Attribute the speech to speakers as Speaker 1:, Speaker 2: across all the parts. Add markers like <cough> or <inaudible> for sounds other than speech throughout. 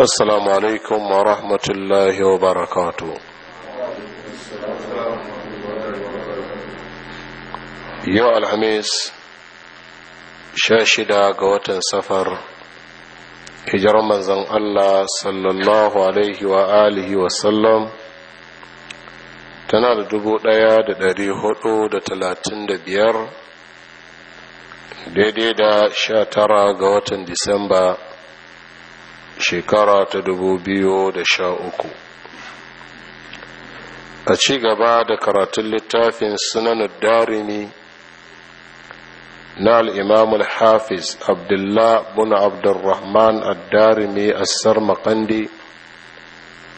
Speaker 1: assalamu alaikum wa rahmatullahi wa barakatu yau alhamis sha shida ga watan safar hijirar manzan allah sallallahu alaihi wa alihi tana da dubu ɗaya da dari hudu da talatin da biyar daidai da sha tara ga watan disamba shekara ta dubu biyu da sha uku. a ci gaba da karatun littafin sunan darimi na al'imam al-hafiz abdullah bin abdurrahman ad a assar makandi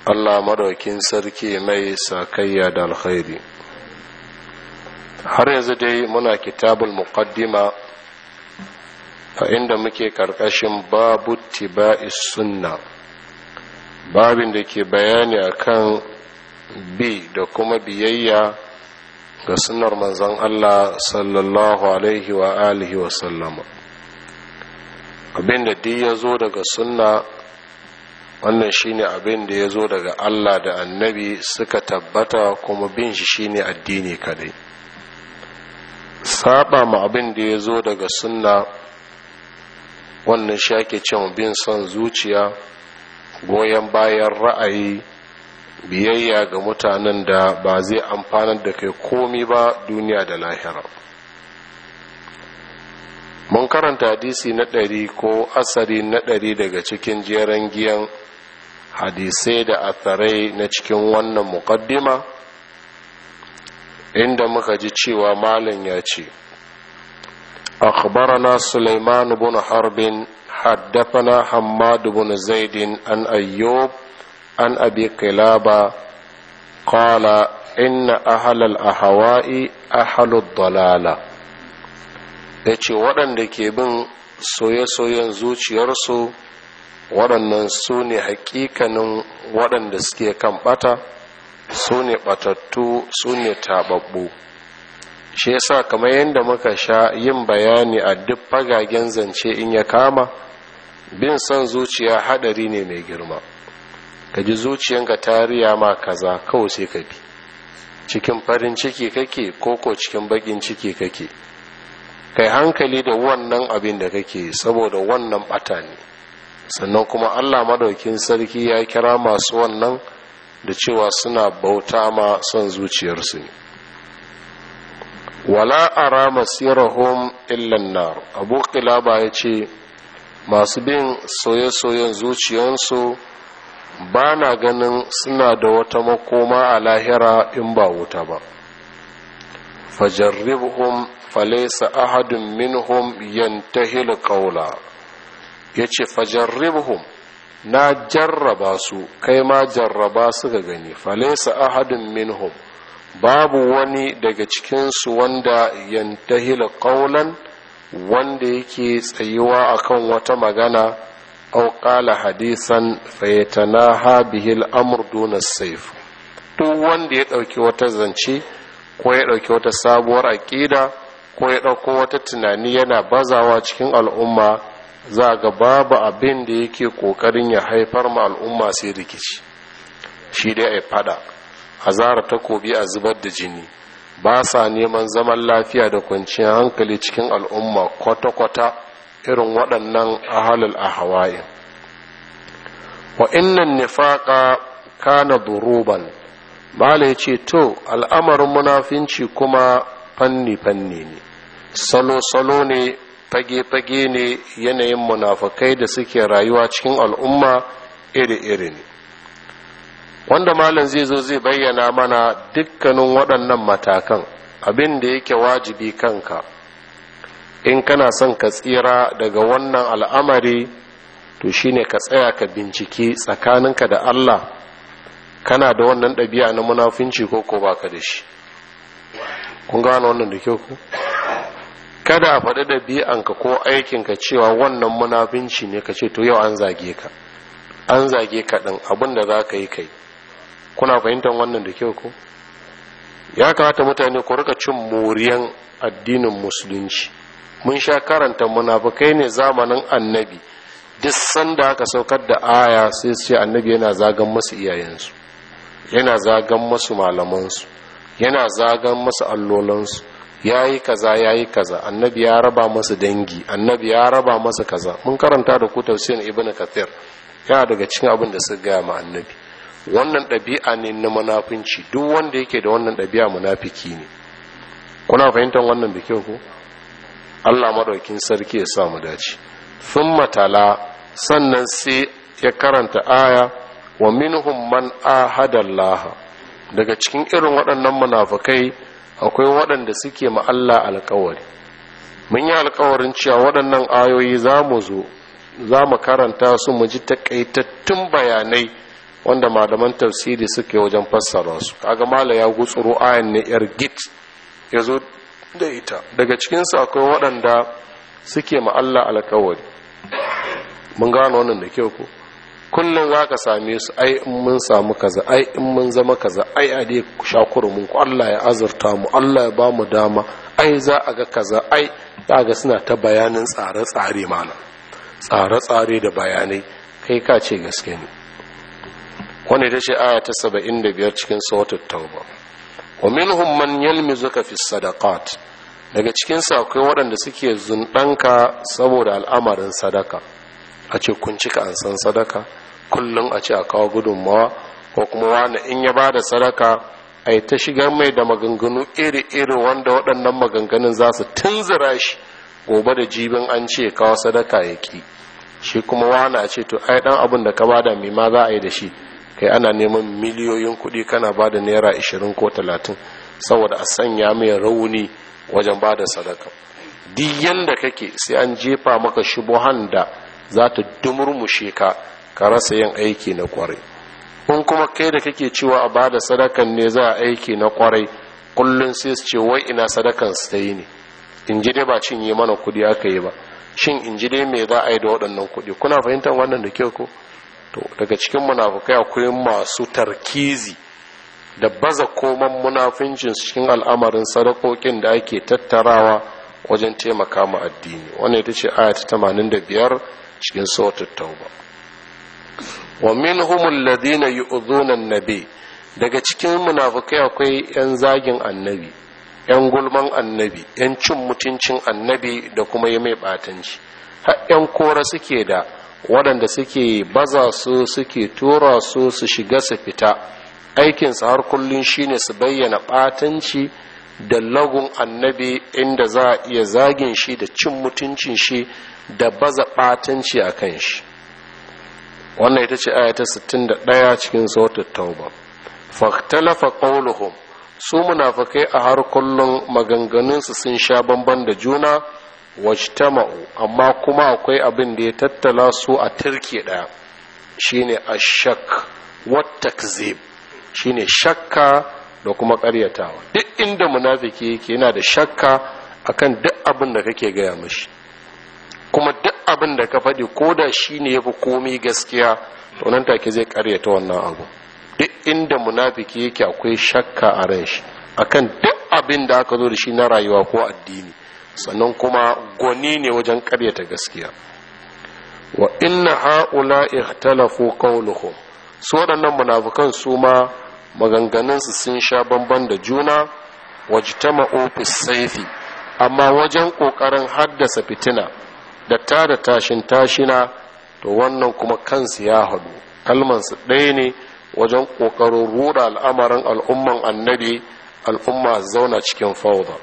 Speaker 1: allah madaukin sarki mai sakayya da alkhairi har yanzu dai muna kitabul muqaddima a inda muke karkashin babu tiba'i sunna babin da ke bayani a kan bi da kuma biyayya ga sunar manzon Allah sallallahu alaihi wa alihi wa sallama abinda duk ya zo daga sunna wannan shi abin da ya zo daga Allah da annabi suka tabbata kuma bin shi ne addini kadai saba ma abin da ya zo daga sunna wannan shi cin bin son zuciya goyon bayan ra'ayi biyayya ga mutanen da ba zai amfana da kai komi ba duniya da lahira mun karanta hadisi na ɗari ko asari na ɗari daga cikin jeren giyan hadisai da atharai na cikin wannan muƙaddima inda muka ji cewa malam ya ce أخبرنا سليمان بن حرب حدثنا حماد بن زيد عن أيوب عن أبي قلابة قال إن أهل الأهواء أهل الضلالة yace waɗanda ke bin soye-soyen zuciyarsu waɗannan su ne hakikanin waɗanda suke kan ɓata su ne ɓatattu su ne taɓaɓɓu shi yasa kamar yadda muka sha yin bayani a duk fagagen zance in ya kama bin son zuciya hadari ne mai girma ka ji zuciyanka tariya ma kaza kawai sai ka bi cikin farin ciki kake koko cikin bakin ciki kake kai hankali da wannan abin da kake saboda wannan bata ne sannan kuma allah madaukin sarki ya kira masu wannan da cewa suna bauta ma son zuciyarsu ne wala ara masirahum illan nar abu qilaba yace masu bin soye-soyen zuciyansu ba na ganin suna da wata makoma a lahira in ba wuta ba fajarribhum falaysa ahadun minhum yantahil qawla yace fajarribhum na jarraba su kai ma jarraba su ga gani falaysa ahadun minhum babu wani daga cikinsu wanda yantahila qawlan wanda yake tsayuwa akan wata magana aw qala hadisan fayatanaha bihi al-amr duna sayf duk wanda ya ɗauki wata zance ko ya ɗauki wata sabuwar aƙida, ko ya dauko wata tunani yana bazawa cikin al'umma za ga babu abin da yake kokarin ya haifar ma al'umma sai rikici shi dai ai fada hazara takobi a zubar da jini ba sa neman zaman lafiya da kwanciyar hankali cikin al'umma kwata-kwata irin waɗannan a ahawa'in wa innan nifaqa kana duruban mala ya ce to al'amarin munafinci kuma fanni-fanni ne salo-salo ne fage-fage ne yanayin munafakai da suke rayuwa cikin al'umma iri-iri ne wanda malam zai zo zai bayyana mana dukkanin waɗannan matakan abin da yake wajibi kanka in kana son ka tsira daga wannan al'amari to shi ne ka tsaya ka bincike tsakaninka da Allah kana da wannan ɗabi'a na munafunci ko ko baka da shi kun gano wannan da kyau ku kada a faɗi ɗabi'anka ko aikinka cewa wannan munafunci ne ka ce to yau an zage ka an zage ka ɗin abin za ka yi kai kuna fahimtar wannan da kyau ko ya kamata mutane ku rika cin moriyan addinin musulunci mun sha karanta munafukai ne zamanin annabi duk sanda aka saukar da aya sai ce annabi yana zagan masu iyayensu yana zagan masu malamansu yana zagan masu allolansu ya yi kaza ya yi kaza annabi ya raba masu dangi annabi ya raba masu kaza mun karanta da ku tafsirin ibn kathir ya daga cikin abin da suka gaya ma annabi wannan ɗabi'a ne na munafinci duk wanda yake da wannan ɗabi'a munafiki ne kuna fahimtar wannan da kyau ko Allah madaukin sarki ya sa mu dace Sun matala sannan sai ya karanta aya wa minhum man ahada daga cikin irin waɗannan munafikai akwai waɗanda suke ma Allah alƙawari mun yi alkawarin cewa waɗannan ayoyi za mu zo za mu karanta su mu ji takaitattun bayanai wanda malaman tafsiri suke wajen fassara su kaga mala ya gutsuro ayan ne yar git yazo da ita daga cikinsu akwai waɗanda suke ma Allah alƙawari. mun gano wannan da kyau ko kullum zaka same su ai in mun samu kaza ai in mun zama kaza ai a dai mun ku Allah ya azurta mu Allah ya ba mu dama ai za a ga kaza ai za ga suna ta bayanin tsare-tsare mana tsare-tsare da bayanai kai ka ce gaske ne wanda ta ce aya ta saba'in da biyar cikin sautar tauba wa minhum man zuka fi sadakat? daga cikin sakwai akwai waɗanda suke zunɗanka saboda al'amarin sadaka a ce kun cika an san sadaka kullum a ce a kawo gudunmawa ko kuma wani in ya ba da sadaka a ta shigar mai da maganganu iri-iri wanda waɗannan maganganun za su tunzura shi gobe da jibin an ce kawo sadaka ya ki shi kuma wani a ce to ai ɗan abin da ka bada mai ma za a yi da shi kai ana neman miliyoyin kuɗi kana ba da naira ashirin ko talatin saboda a sanya mai rauni wajen ba da sadaka duk yanda kake sai an jefa maka shubuhan da za ta dumurmushe ka ka rasa yin aiki na kwarai Kun kuma kai da kake cewa a ba da sadakan ne za a aiki na kwarai kullum sai su ce wai ina sadakan su ta yi ne in ji dai ba cinye mana kuɗi aka yi ba shin in ji dai me za a yi da waɗannan kuɗi kuna fahimtar wannan da kyau ko to daga cikin munafukai akwai masu tarkizi da baza koman munafincin cikin al'amarin sadakokin da ake tattarawa wajen taimaka ma addini wanda ita ce aya 85 cikin sautar tauba wa minhum alladhina yu'dhuna an-nabi daga cikin munafukai akwai yan zagin annabi yan gulman annabi yan cin mutuncin annabi da kuma yi mai batanci har yan kora suke da waɗanda suke baza su suke tura su su shiga su fita aikinsu har kullum shine su bayyana ɓatanci da lagun annabi inda za a iya zagin shi da cin mutuncin shi da baza ɓatanci a kan shi wannan ita ce ayata 61 cikin sautar tauba faktalafa ƙauluhum su munafakai a har kullum maganganunsu sun sha bamban da juna wajtama'u amma kuma akwai abin da ya tattala su a turke ɗaya shine ashak takzib shine shakka da kuma ƙaryatawa duk inda munafiki yake yana da shakka akan duk abin da kake gaya mashi kuma duk abin da ka faɗi ko da shi ne ya fi komi gaskiya to nan take zai ƙaryata wannan abu duk inda munafiki yake akwai shakka a ran shi akan duk abin da aka zo da shi na rayuwa ko addini sannan kuma gwani ne wajen karyata gaskiya wa inna ha'ula ikhtalafu qawluhum su waɗannan munafukan su ma maganganunsu sun sha bamban da juna wajtama'u fi saifi amma wajen ƙoƙarin haddasa fitina da ta da tashin tashina to wannan kuma kansu ya haɗu kalmansu ɗaya ne wajen ƙoƙarin ruɗa al'amarin al'umman annabi al'umma zauna cikin fauda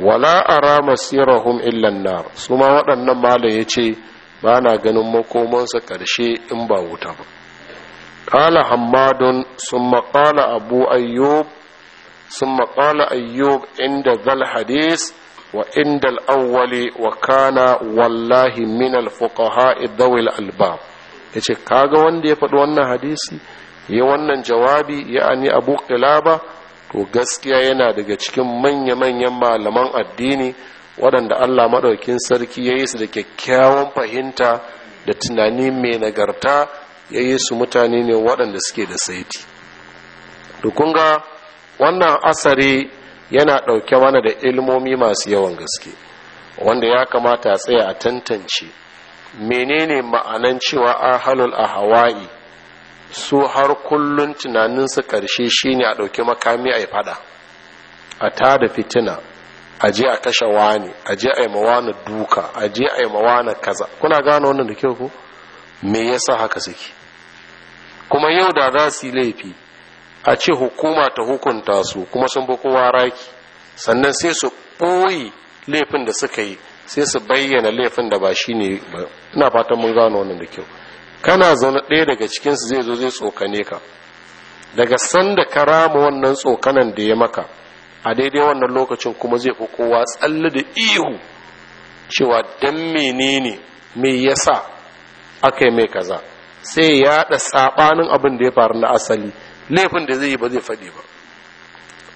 Speaker 1: wala ara masirahum illan nar su ma waɗannan malam ya ce ba na ganin makomansa ƙarshe in ba wuta ba ƙala hammadun sun maƙala abu ayyub sun maƙala ayyub inda zal hadis wa inda al'awwali wa kana wallahi min alfuqaha idawil albab ya ce kaga wanda ya faɗi wannan hadisi ya wannan jawabi ya ani abu ƙilaba to gaskiya yana daga cikin manya-manyan malaman addini waɗanda Allah maɗaukin sarki ya yi su da kyakkyawan fahimta da tunani mai nagarta ya yi su mutane ne waɗanda suke da saiti dukunga wannan asari yana ɗauke mana da ilmomi masu yawan gaske wanda ya kamata a tsaya a tantance menene ma'anan cewa ahalul a hawaii su har kullun tunaninsu ƙarshe shine a ɗauki makami a yi fada a ta da fitina a je a kashe wani a je a yi mawana duka a je a yi mawana kaza kuna gano wannan da kyau ko me yasa haka suke kuma yau da za su yi laifi a ce hukuma ta hukunta su kuma sun bi kowa raki sannan sai su ɓoye laifin da suka yi sai su bayyana laifin da ba shi ne ba ina fatan mun gano wannan da kyau kana zaune ɗaya daga cikinsu zai zo zai tsokane ka daga sanda ka rama wannan tsokanan da ya maka a daidai wannan lokacin kuma zai fi kowa tsalle da ihu cewa dan menene me yasa aka yi mai kaza sai ya yada sabanin abin da ya faru na asali laifin da zai yi ba zai faɗi ba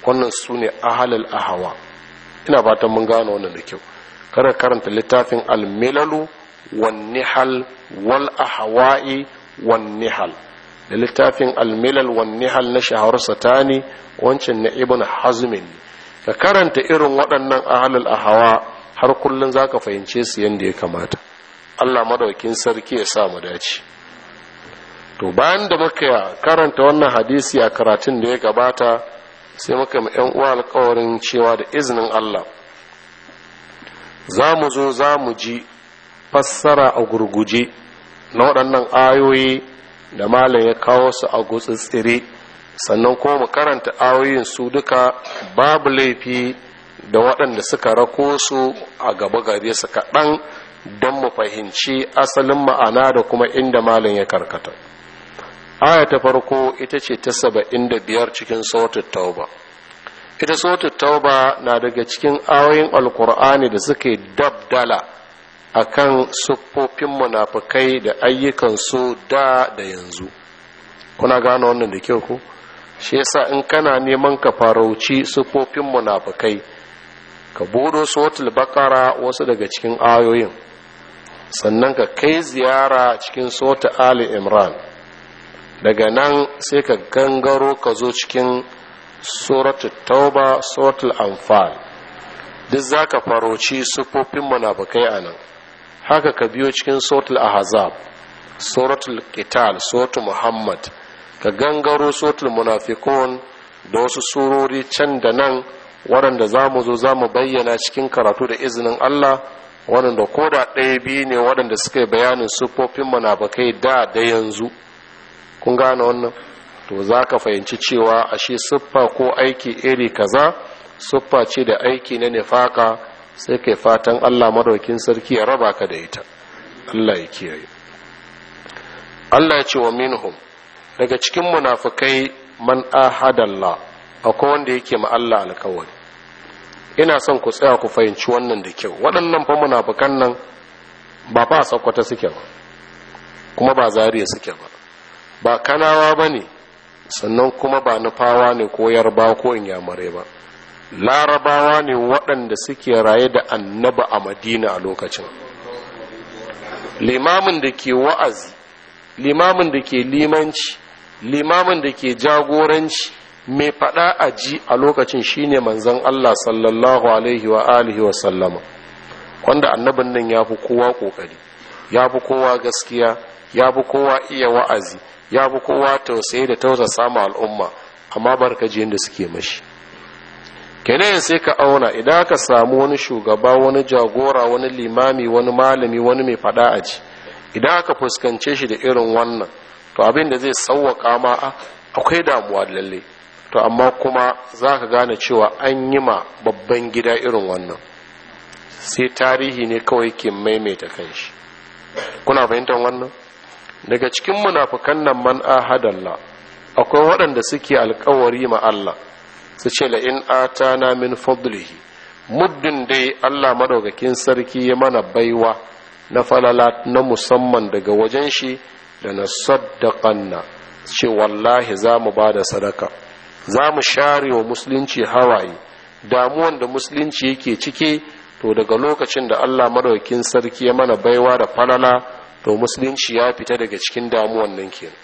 Speaker 1: wannan su ne a hawa ina fatan mun gano wannan da kyau kada karanta littafin almilalu wan nihal wal ahwa'i wan nihal da littafin almilal wan nihal na shahar satani wancan na ibn hazmin ka karanta irin waɗannan a hawa har kullun zaka fahimce su yanda ya kamata Allah madaukin sarki ya sa mu dace to bayan da muka karanta wannan hadisi a karatun da ya gabata sai muka mu yan uwa alƙawarin cewa da izinin Allah za mu zo za mu ji fassara a gurguje na waɗannan ayoyi da malam ya kawo su a gutsitsire sannan ko mu karanta ayoyin su duka babu laifi da waɗanda suka rako su a gaba gare su kaɗan don mu fahimci asalin ma'ana da kuma inda malam ya karkata aya ta farko ita ce ta saba'in da biyar cikin sautar tauba ita sautar tauba na daga cikin ayoyin alkur'ani da suke dabdala a kan siffofin munafukai da ayyukansu da da yanzu kuna gano wannan da kyau ko shi yasa in kana neman ka farauci siffofin munafukai ka buɗo suratul bakara wasu daga cikin ayoyin sannan ka kai ziyara cikin sota ali imran daga nan sai ka gangaro ka zo cikin suratul tauba suratul anfal duk za ka faroci siffofin munafukai a nan haka ka biyo cikin suratul ahzab suratul qital suratul muhammad ka gangaro suratul munafiqun da wasu surori can da nan waɗanda za mu zo za mu bayyana cikin karatu da izinin Allah waɗanda ko da ɗaya biyu ne waɗanda suka yi bayanin sufofin munafikai da da yanzu kun gane wannan to za ka fahimci cewa ashe siffa ko aiki iri kaza siffa ce da aiki na nifaka sai kai fatan Allah madaukin sarki ya raba ka da ita Allah ya kiyaye Allah ya ce wa minhum daga cikin munafikai man ahadalla akwai wanda yake ma Allah alkawari ina son ku tsaya ku fahimci wannan da kyau waɗannan fa munafikan nan ba fa sakwata suke ba kuma ba zariya suke ba ba kanawa bane sannan kuma ba nufawa ne ko yarba ko inyamurai ba larabawa ne waɗanda suke raye da annaba a madina a lokacin limamin da ke wa'azi limamin da ke limanci limamin da ke jagoranci mai faɗa a ji a lokacin shine manzon Allah sallallahu alaihi wa alihi wa sallama wanda annabin nan ya fi kowa ƙoƙari ya fi kowa gaskiya ya fi kowa iya wa'azi ya fi kowa tausayi da tausa samun al'umma amma barkajiyar da suke mashi kenan sai ka auna idan ka samu wani shugaba wani jagora wani limami wani malami wani mai fada a ci, idan ka fuskance shi da irin wannan to abin da zai sauwaka ma akwai damuwa lalle to amma kuma za ka gane cewa an yi ma babban gida irin wannan sai tarihi ne kawai ke maimaita kan shi. kuna fahimtar wannan daga cikin munafukan nan man ahadalla akwai waɗanda suke alkawari ma Allah su ce la in atana min fadlihi muddin dai Allah madaukakin sarki ya mana baiwa na falala na musamman daga wajen shi da na saddaqanna ce wallahi za mu ba da sadaka za mu share wa musulunci hawaye damuwan da musulunci yake cike to daga lokacin da Allah madaukakin sarki ya mana baiwa da falala to musulunci ya fita daga cikin damuwan nan kenan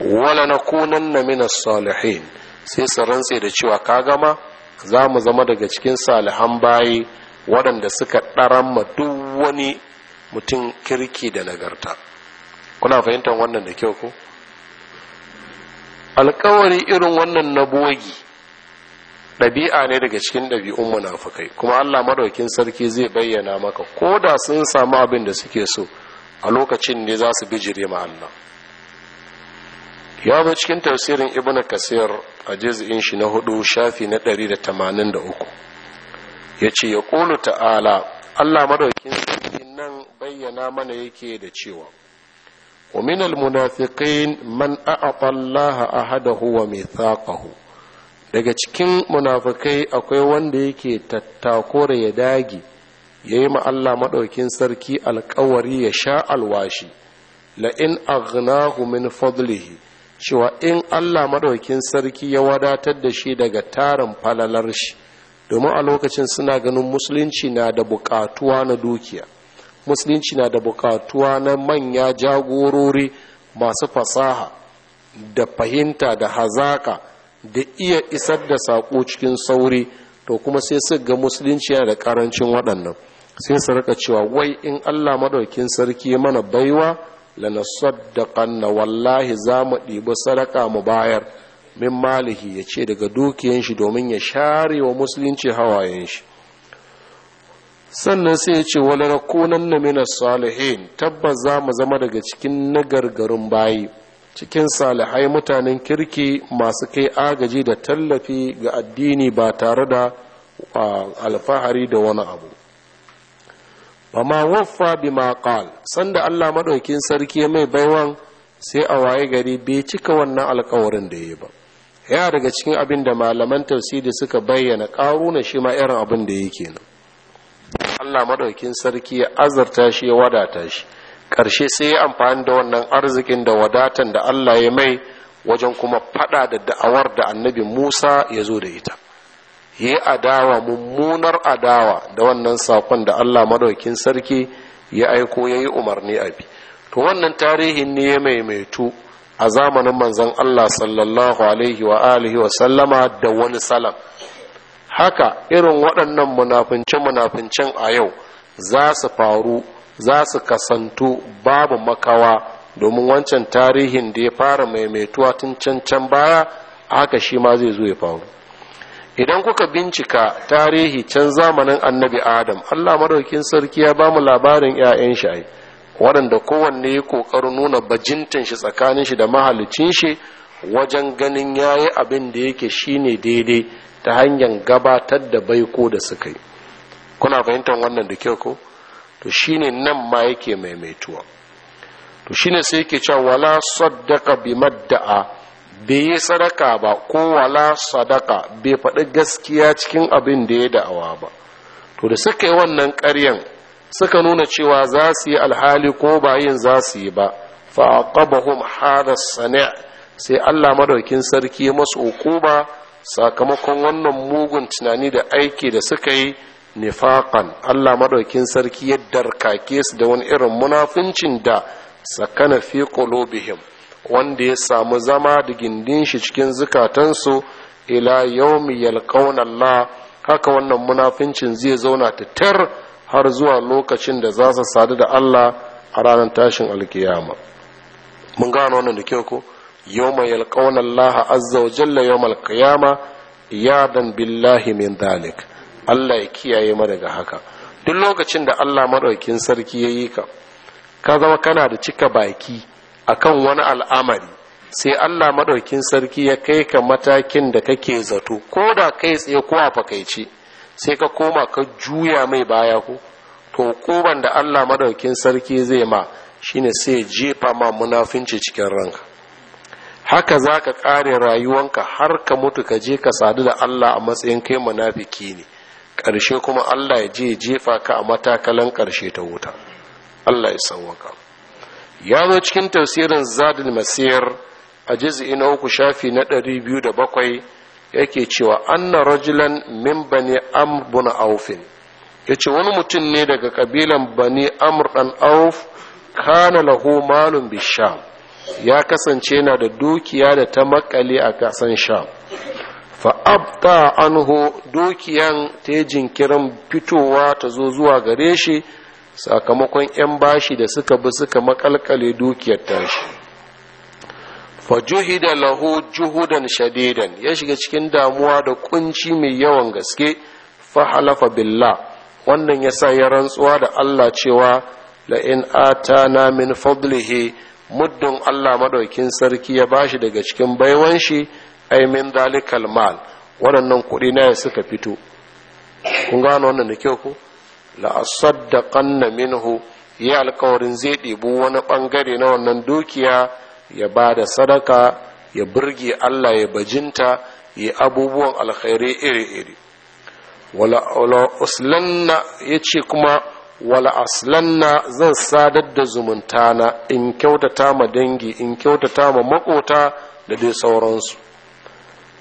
Speaker 1: wala nakunanna minas salihin sai su rantse da cewa ka gama za mu zama daga cikin salihan bayi waɗanda suka ɗaramma duk wani mutum kirki da nagarta kuna fahimtar wannan da kyau ko alkawari irin wannan na bogi ɗabi'a ne daga cikin ɗabi'un munafukai kuma allah madaukin sarki zai bayyana maka ko da sun samu abin da suke so a lokacin ne za su bijire ma allah ya zo cikin tafsirin ibn kasir a jiz'in shi na hudu shafi na ɗari da da tamanin uku. ya ce ya ƙulu ta'ala allah madaukin sarki nan bayyana mana yake da cewa ومن المنافقين من أعطى الله mai وميثاقه daga cikin munafikai akwai wanda yake tattakore ya dage ya yi Allah maɗaukin sarki alkawari ya sha alwashi la'in aghnahu min fadlihi cewa in Allah maɗaukin sarki ya wadatar da shi daga tarin falalar shi domin a lokacin suna ganin musulunci na da buƙatuwa na dukiya musulunci na da buƙatuwa na manya jagorori masu fasaha da fahimta da hazaka da iya isar da saƙo cikin sauri to kuma sai su ga musulunci yana da ƙarancin waɗannan sai su rika cewa wai in Allah maɗaukin sarki mana baiwa lanasaddaqanna wallahi za mu ɗibi sadaka mu bayar min malihi ya ce daga dukiyan shi domin ya share wa musulunci hawayen shi sannan sai ya ce wani rakunan na mina salihin tabbas za mu zama daga cikin nagargarin bayi cikin salihai mutanen kirki masu kai agaji da tallafi ga addini ba tare da alfahari da wani abu ba ma waffa bi ma sanda Allah maɗaukin sarki mai baiwan sai a waye gari bai cika wannan alkawarin da ya ba ya daga cikin abin da malaman tafsiri suka bayyana na shi ma irin abin da yake nan Allah maɗaukin sarki ya azarta shi ya wadata shi ƙarshe sai ya amfani da wannan arzikin da wadatan da Allah ya mai wajen kuma faɗa da da'awar da annabi Musa ya zo da ita yi adawa mummunar adawa da wannan sakon da Allah maɗaukin sarki ya aiko ya yi umarni a bi to wannan tarihin ne ya maimaitu a zamanin manzon Allah sallallahu alaihi wa alihi wa sallama da wani salam haka irin waɗannan munafince-munafincen a yau za su faru za su kasantu babu makawa domin wancan tarihin da ya fara maimaituwa tun can can baya haka shi ma zai zo ya faru idan kuka bincika tarihi can zamanin annabi adam allah madaukin sarki ya ba mu labarin 'ya'yan shi waɗanda kowanne ya ƙoƙarin nuna bajintan shi tsakanin shi da mahalicin shi wajen ganin ya yi abin da yake shine daidai ta hanyar gabatar da baiko da suka yi kuna fahimtar wannan da kyau ko to shine nan ma yake maimaituwa to shine sai yake cewa wala saddaka bi madda'a bai yi sadaka ba ko wala sadaka bai faɗi gaskiya cikin abin da ya da'awa ba to da suka yi wannan ƙaryan suka nuna cewa za su yi alhali ko ba yin za su yi ba fa'aqabahum hada sani' sai Allah madaukin sarki masu hukuma sakamakon wannan mugun tunani da aiki da suka yi nifaqan Allah madaukin sarki ya darkake su da wani irin munafincin da sakana fi qulubihim wanda ya samu zama da gindin shi cikin zukatansu ila yaumi yalqaun Allah haka wannan munafincin zai zauna tattar har zuwa lokacin da za su sadu da Allah a ranar tashin alkiyama mun gano wannan da kyau ko yawma yalqauna Allah azza wa jalla yawm alqiyama yadan billahi min dalik. Allah ya kiyaye mu daga haka duk lokacin da Allah madaukin sarki yayi ka ka zama kana da cika baki akan wani al'amari sai Allah maɗaukin sarki ya kai ka matakin da kake zato ko da kai tsaye ko a fakaice sai ka koma ka juya mai baya ko to koban da Allah maɗaukin sarki zai ma shine sai jefa ma munafinci cikin ranka haka za ka ƙare rayuwanka har ka mutu ka je ka sadu da Allah a matsayin kai munafiki ne ƙarshe kuma Allah ya je jefa ka a matakalan ƙarshe ta wuta Allah ya sauwaka ya zo cikin tafsirin zadul masir a jiz'i na uku shafi na ɗari biyu da bakwai yake cewa anna rajulan min bani amr bin aufin Ya ce wani mutum ne daga kabilan bani amr dan auf kana lahu malun ya kasance yana da dukiya da ta makale a kasan sham fa abta anhu dukiyan ta jinkirin fitowa ta zo zuwa gare shi sakamakon 'yan bashi da suka bi suka makalkale dukiyar tashi fajuhida lahu juhudan shadidan ya shiga cikin damuwa da kunci mai yawan gaske fahalafa billah wannan ya sa ya rantsuwa da allah cewa la'in atana min fadlihi muddin allah maɗaukin sarki ya bashi daga cikin baiwan shi ai min dalikal mal waɗannan kuɗi na ya suka fito kun gano wannan da kyau ko la'asaddaqanna minhu ya alkawarin zai ɗebi wani ɓangare na wannan dukiya ya ba da sadaka ya burge Allah ya bajinta ya abubuwan alkhairi iri-iri wala uslanna ya ce kuma wala aslanna zan sadar da zumunta na in kyautata ma dangi in kyautata ma makota da dai sauransu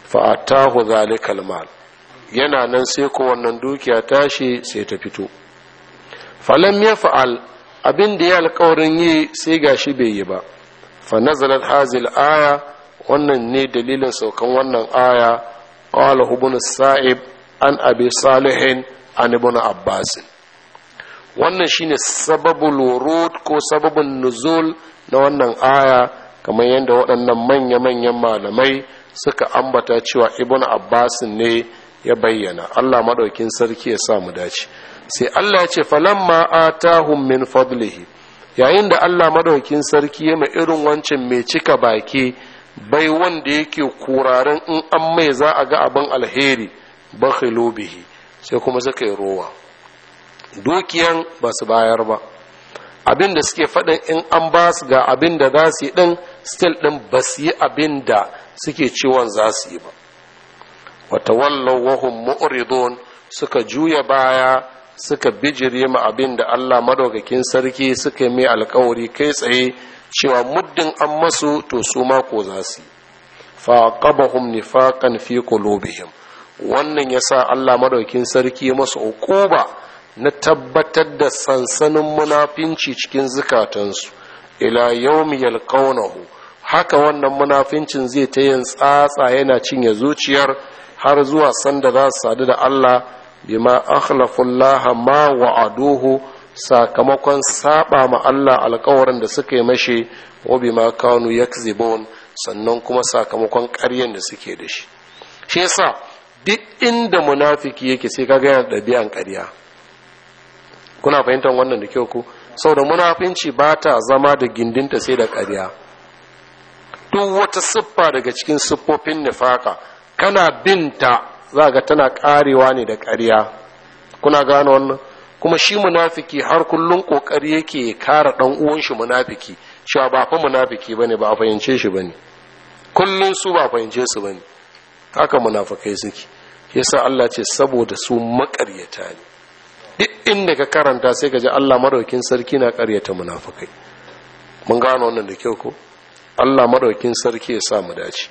Speaker 1: fa'atahu zalikal mal yana nan sai ko wannan dukiya tashi sai ta fito falam ya fa'al abin da ya alkawarin yi sai ga shi bai yi ba fa nazalat hazil aya wannan ne dalilin saukan wannan aya ƙwala hubun sa'ib an abi salihin an ibn abbas wannan shine sababul wurud ko sababun nuzul na wannan aya kamar yadda waɗannan manya-manyan malamai suka ambata cewa ibn abbas ne ya bayyana Allah maɗaukin sarki ya sa mu dace sai Allah ya ce falamma atahum min fadlihi yayin da Allah madaukin sarki ya mai irin wancan mai cika baki bai wanda yake kuraren in an mai za a ga abin alheri ba bihi sai kuma suka yi rowa dukiyan ba su bayar ba abin da suke faɗin in an ba su ga abin da za su yi ɗin still ɗin ba su yi abin da suke ciwon za su yi ba wata wallon wahun mu'ridun suka juya baya suka bijire ma abin da Allah madaukakin sarki suka mai alkawari kai tsaye cewa muddin an masu to su ma ko za su qabahum nifaqan fi qulubihim wannan yasa Allah madaukakin sarki masu ukuba na tabbatar da sansanin munafinci cikin zukatansu ila yawmi yalqawnahu haka wannan munafincin zai ta yin tsatsa yana cinye zuciyar har zuwa sanda za su sadu da Allah bima akhlafullaha ma wa'aduhu sakamakon saba ma Allah alkawarin da suka yi mashi wa bima kanu yakzibun sannan kuma sakamakon ƙaryen da suke da shi shi yasa duk inda munafiki yake sai kaga yana ɗabi'an ƙarya kuna fahimtar wannan da kyau ku saboda munafinci ba ta zama da gindinta sai da ƙarya duk wata siffa daga cikin siffofin nifaka kana binta za ga tana karewa ne da ƙarya kuna gano wannan kuma shi munafiki har kullun ƙoƙari yake kara ɗan uwan shi munafiki cewa ba fa munafiki bane ba a fahimce shi bane kullun su ba fahimce su bane haka munafikai suke yasa Allah ce saboda su makaryata ne duk inda ka karanta sai ka ji Allah madaukin sarki na karyata munafikai mun gano wannan da kyau ko Allah madaukin sarki ya sa mu dace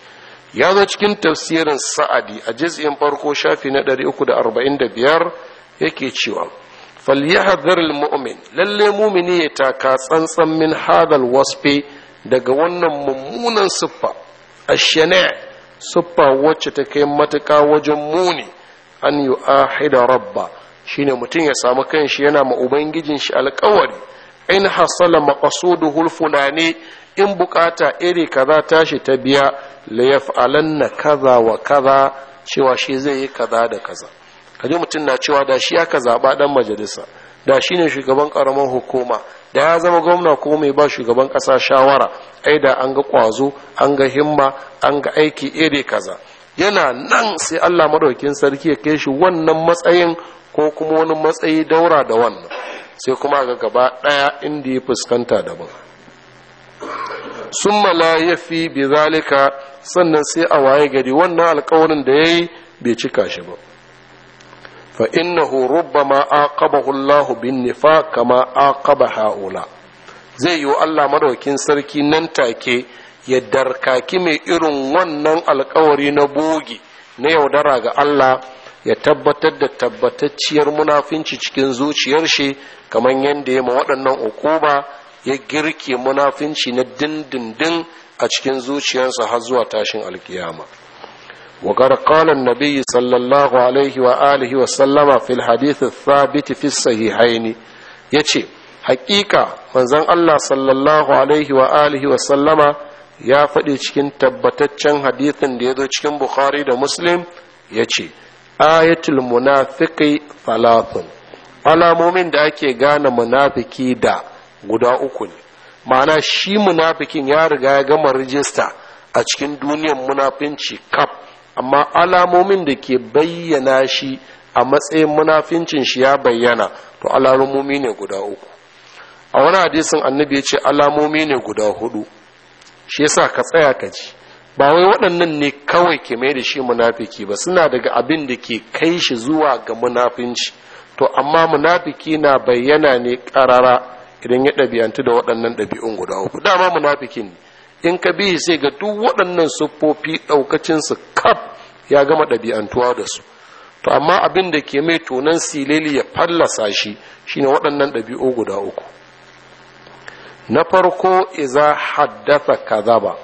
Speaker 1: ya zo cikin tafsirin sa'adi a jiz'in farko shafi na 345 yake cewa falyahdhar almu'min lalle mumini ya taka tsantsan min hadal waspe daga wannan mummunan siffa ashana siffa wacce ta kai matuka wajen muni an yi yu'ahida rabba shine mutum ya samu kanshi yana ma ubangijin shi alkawari in hasala maqasuduhul fulani in bukata iri kaza tashi ta biya la yaf'alanna kaza wa kaza cewa shi zai yi kaza da kaza kaje mutum na cewa da shi aka zaba dan majalisa da shi ne shugaban karamar hukuma da ya zama gwamna ko mai ba shugaban kasa shawara ai da an ga kwazo an ga himma an ga aiki iri kaza yana nan sai Allah madaukakin sarki ya kai shi wannan matsayin ko kuma wani matsayi daura da wannan sai kuma ga gaba daya inda ya fuskanta daban summa la fi bi zalika sannan sai a waye gari wannan alkawarin da ya yi bai cika shi ba fa innahu rubbama aqabahu Allah bin nifaq kama aqaba haula zai yi Allah madaukin sarki nan take ya darkaki mai irin wannan alkawari na bogi na yaudara ga Allah ya tabbatar da tabbatacciyar munafinci cikin zuciyar shi kamar yadda ya ma waɗannan ukuba ya girke munafinci na dindindin a cikin zuciyarsa har zuwa tashin alkiyama wa qara qala an-nabi sallallahu alaihi wa alihi wa sallama fil hadith thabit fi sahihain yace haqiqa manzon Allah sallallahu alaihi wa alihi wa sallama ya faɗi cikin tabbataccen hadithin da ya zo cikin bukhari da muslim ya ce ayatul munafiki falafin alamomin da ake gane munafiki da guda uku ne ma'ana shi munafikin ya riga ya gama rijista a cikin duniyan munafinci kaf amma alamomin da ke bayyana shi a matsayin munafincin shi ya bayyana to alamomi ne guda uku a wani hadisin annabi ya ce alamomi ne guda hudu shi yasa ka tsaya ka ji ba wai waɗannan ne kawai ke mai da shi munafiki ba suna daga abin da ke kai shi zuwa ga munafinci to amma munafiki na bayyana ne ƙarara idan ya ɗabi'antu da waɗannan ɗabi'un guda uku dama munafikin ne in ka bi sai ga duk waɗannan siffofi ɗaukacinsu kaf ya gama ɗabi'antuwa da su to amma abin da ke mai tonan sileli ya fallasa shi shine waɗannan ɗabi'u guda uku na farko iza haddasa kazaba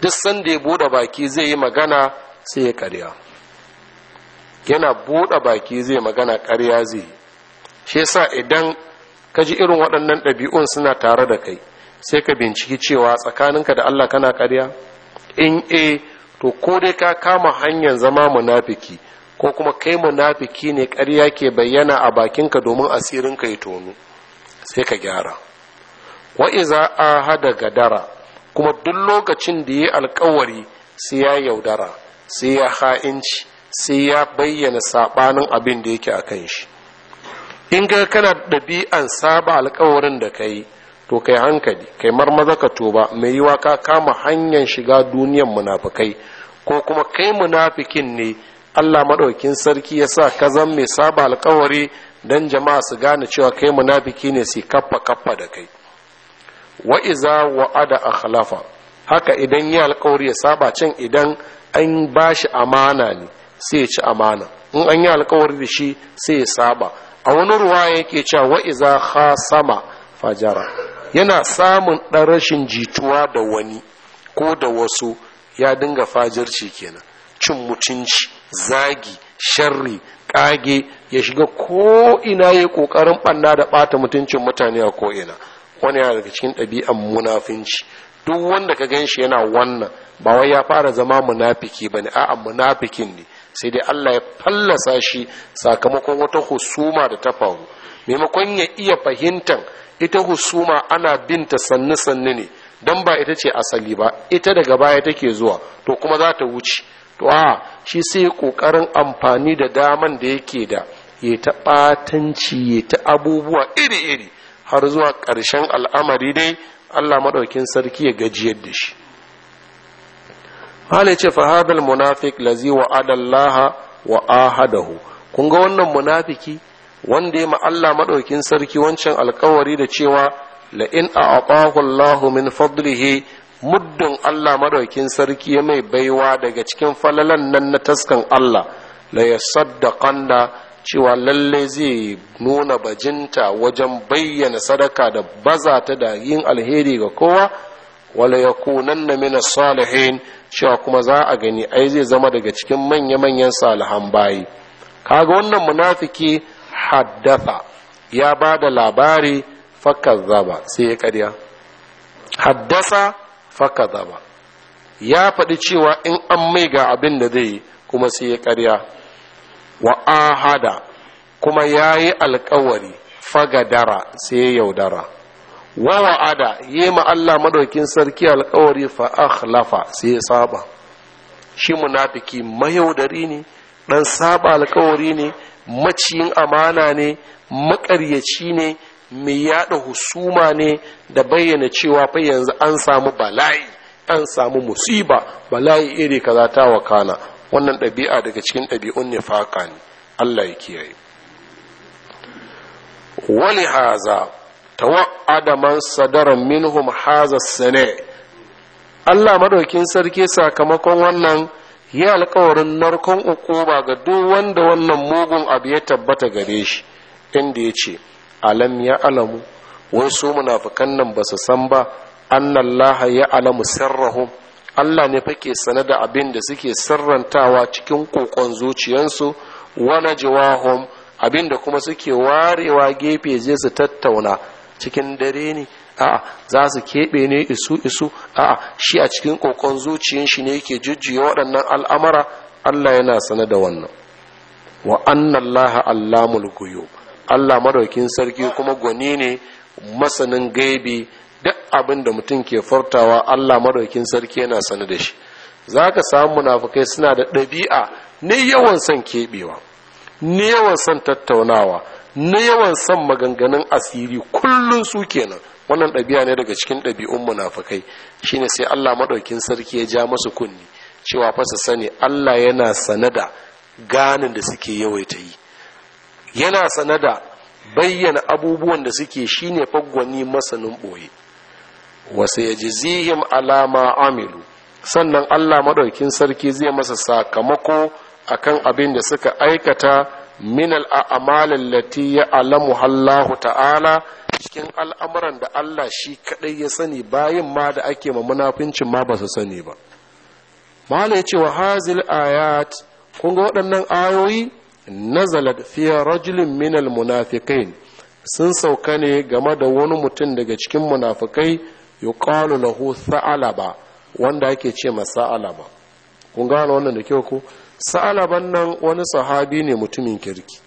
Speaker 1: duk sanda ya buɗe baki zai yi magana sai ya karya. yana buɗe baki zai magana karya zai shi yasa idan ka ji irin waɗannan ɗabi'un suna tare da kai sai ka binciki cewa tsakaninka da Allah kana karya. in eh to ko dai ka kama hanyar zama munafiki ko kuma kai munafiki ne karya ke bayyana a bakinka domin asirinka yi tonu sai ka gyara wa iza ahada gadara kuma duk lokacin da ya alkawari sai ya yaudara sai ya ha'inci sai ya bayyana saɓanin abin da yake a kan shi in ga kana da ɗabi'an saba alkawarin da ka to kai hankali kai marmaza ka tuba mai yiwa ka kama hanyar shiga duniyan munafukai ko kuma kai munafikin ne Allah maɗaukin sarki ya sa ka zan mai saba alkawari don jama'a su gane cewa kai munafiki ne su kaffa kaffa da kai wa iza a akhlafa haka idan yi alkawari ya saba can idan an ba shi amana ne sai ya ci amana in an yi alkawari da shi sai ya saba a wani ruwa yake cewa wa'iza ha sama fajara yana samun ɗan rashin jituwa da wani ko da wasu ya dinga fajirci kenan cin mutunci zagi sharri kage ya shiga ko'ina ina ya kokarin banna da ɓata mutuncin mutane a ko'ina. ina wani yana daga cikin ɗabi'an munafinci duk wanda ka ganshi yana wannan ba wai ya fara zama munafiki ba ne a'a munafikin ne sai dai Allah ya fallasa shi sakamakon wata husuma da ta faru maimakon ya iya fahimtar ita husuma ana bin ta sannu sannu ne don ba ita ce asali ba ita daga baya take zuwa to kuma za ta wuce to a shi sai kokarin amfani da daman da yake da ya ta batanci ya ta abubuwa iri iri har zuwa ƙarshen al'amari dai Allah maɗaukin sarki ya gajiyar da shi Hali ce fa munafik munafiq lazi wa adallaha wa ahadahu kun ga wannan munafiki wanda ya ma Allah maɗaukin sarki wancan alkawari da cewa la in a'tahu Allah min fadlihi muddin Allah maɗaukin sarki ya mai baiwa daga cikin falalan nan na taskan Allah la ya yasaddaqanna cewa lalle zai nuna bajinta wajen bayyana sadaka da baza ta da yin alheri ga kowa wala yakunanna min as-salihin cewa kuma za a gani ai zai zama daga cikin manya-manyan salihan bayi kaga wannan munafiki haddatha ya ba da labari fakazzaba sai ya karya haddasa fakazzaba ya faɗi cewa in an mai ga abin da zai kuma sai ya karya wa ahada kuma ya yi alkawari fagadara sai yaudara wa wa'ada yi ma Allah madaukin sarki alkawari fa akhlafa sai ya saba shi munafiki mayaudari ne dan saba alkawari ne maciyin amana ne makaryaci ne mai yada husuma ne da bayyana cewa fa yanzu an samu bala'i an samu musiba bala'i iri kaza ta wakana wannan ɗabi'a daga cikin ɗabi'un nifaka ne Allah ya kiyaye Wani haza توعد من صدر منهم هذا السنه Allah madaukin sarki sakamakon wannan ya alkawarin narkon ukuba ga duk wanda wannan mugun abu ya tabbata gare shi inda yace, ce alam ya alamu wai su munafikan nan ba su san ba annallaha ya alamu sirrahum Allah ne fake sane da abin da suke sirrantawa cikin kokon zuciyansu wa najwahum abin da kuma suke warewa gefe zai su tattauna cikin dare ne a'a za su keɓe ne isu isu a'a shi a cikin ƙoƙon zuciyin shi ne yake jujjuya waɗannan al'amara Allah yana sane da wannan wa annallaha allamul Allah madaukin sarki kuma gwani ne masanin gaibi duk abin da mutum ke fartawa, Allah madaukin sarki yana sane da shi Za ka samu munafukai suna da ɗabi'a ne yawan son keɓewa ne yawan son tattaunawa na yawan son maganganun asiri kullum su kenan wannan ɗabi'a ne daga cikin ɗabi'un munafukai shine sai Allah maɗaukin sarki ya ja masu kunni cewa fa sani Allah yana sanada ganin da suke yawaita yi yana sanada bayyana abubuwan da suke shine faggwani masanin ɓoye wasu yaji zihim alama amilu sannan Allah maɗaukin sarki zai masa sakamako akan abin da suka aikata من al'amal التي يعلمها Allahu ta'ala cikin al'amuran da Allah shi kadai ya sani bayan ma da ake ma munafincin ma ba su sani ba mala yace wa hazil ayat kun ga waɗannan ayoyi nazalat fi rajulin minal munafikai sun sauka ne game da wani mutum daga cikin munafikai yuqalu lahu sa'alaba wanda ake ce ma sa'alaba kun gano wannan da kyau ko sa'alaban nan wani sahabi ne mutumin kirki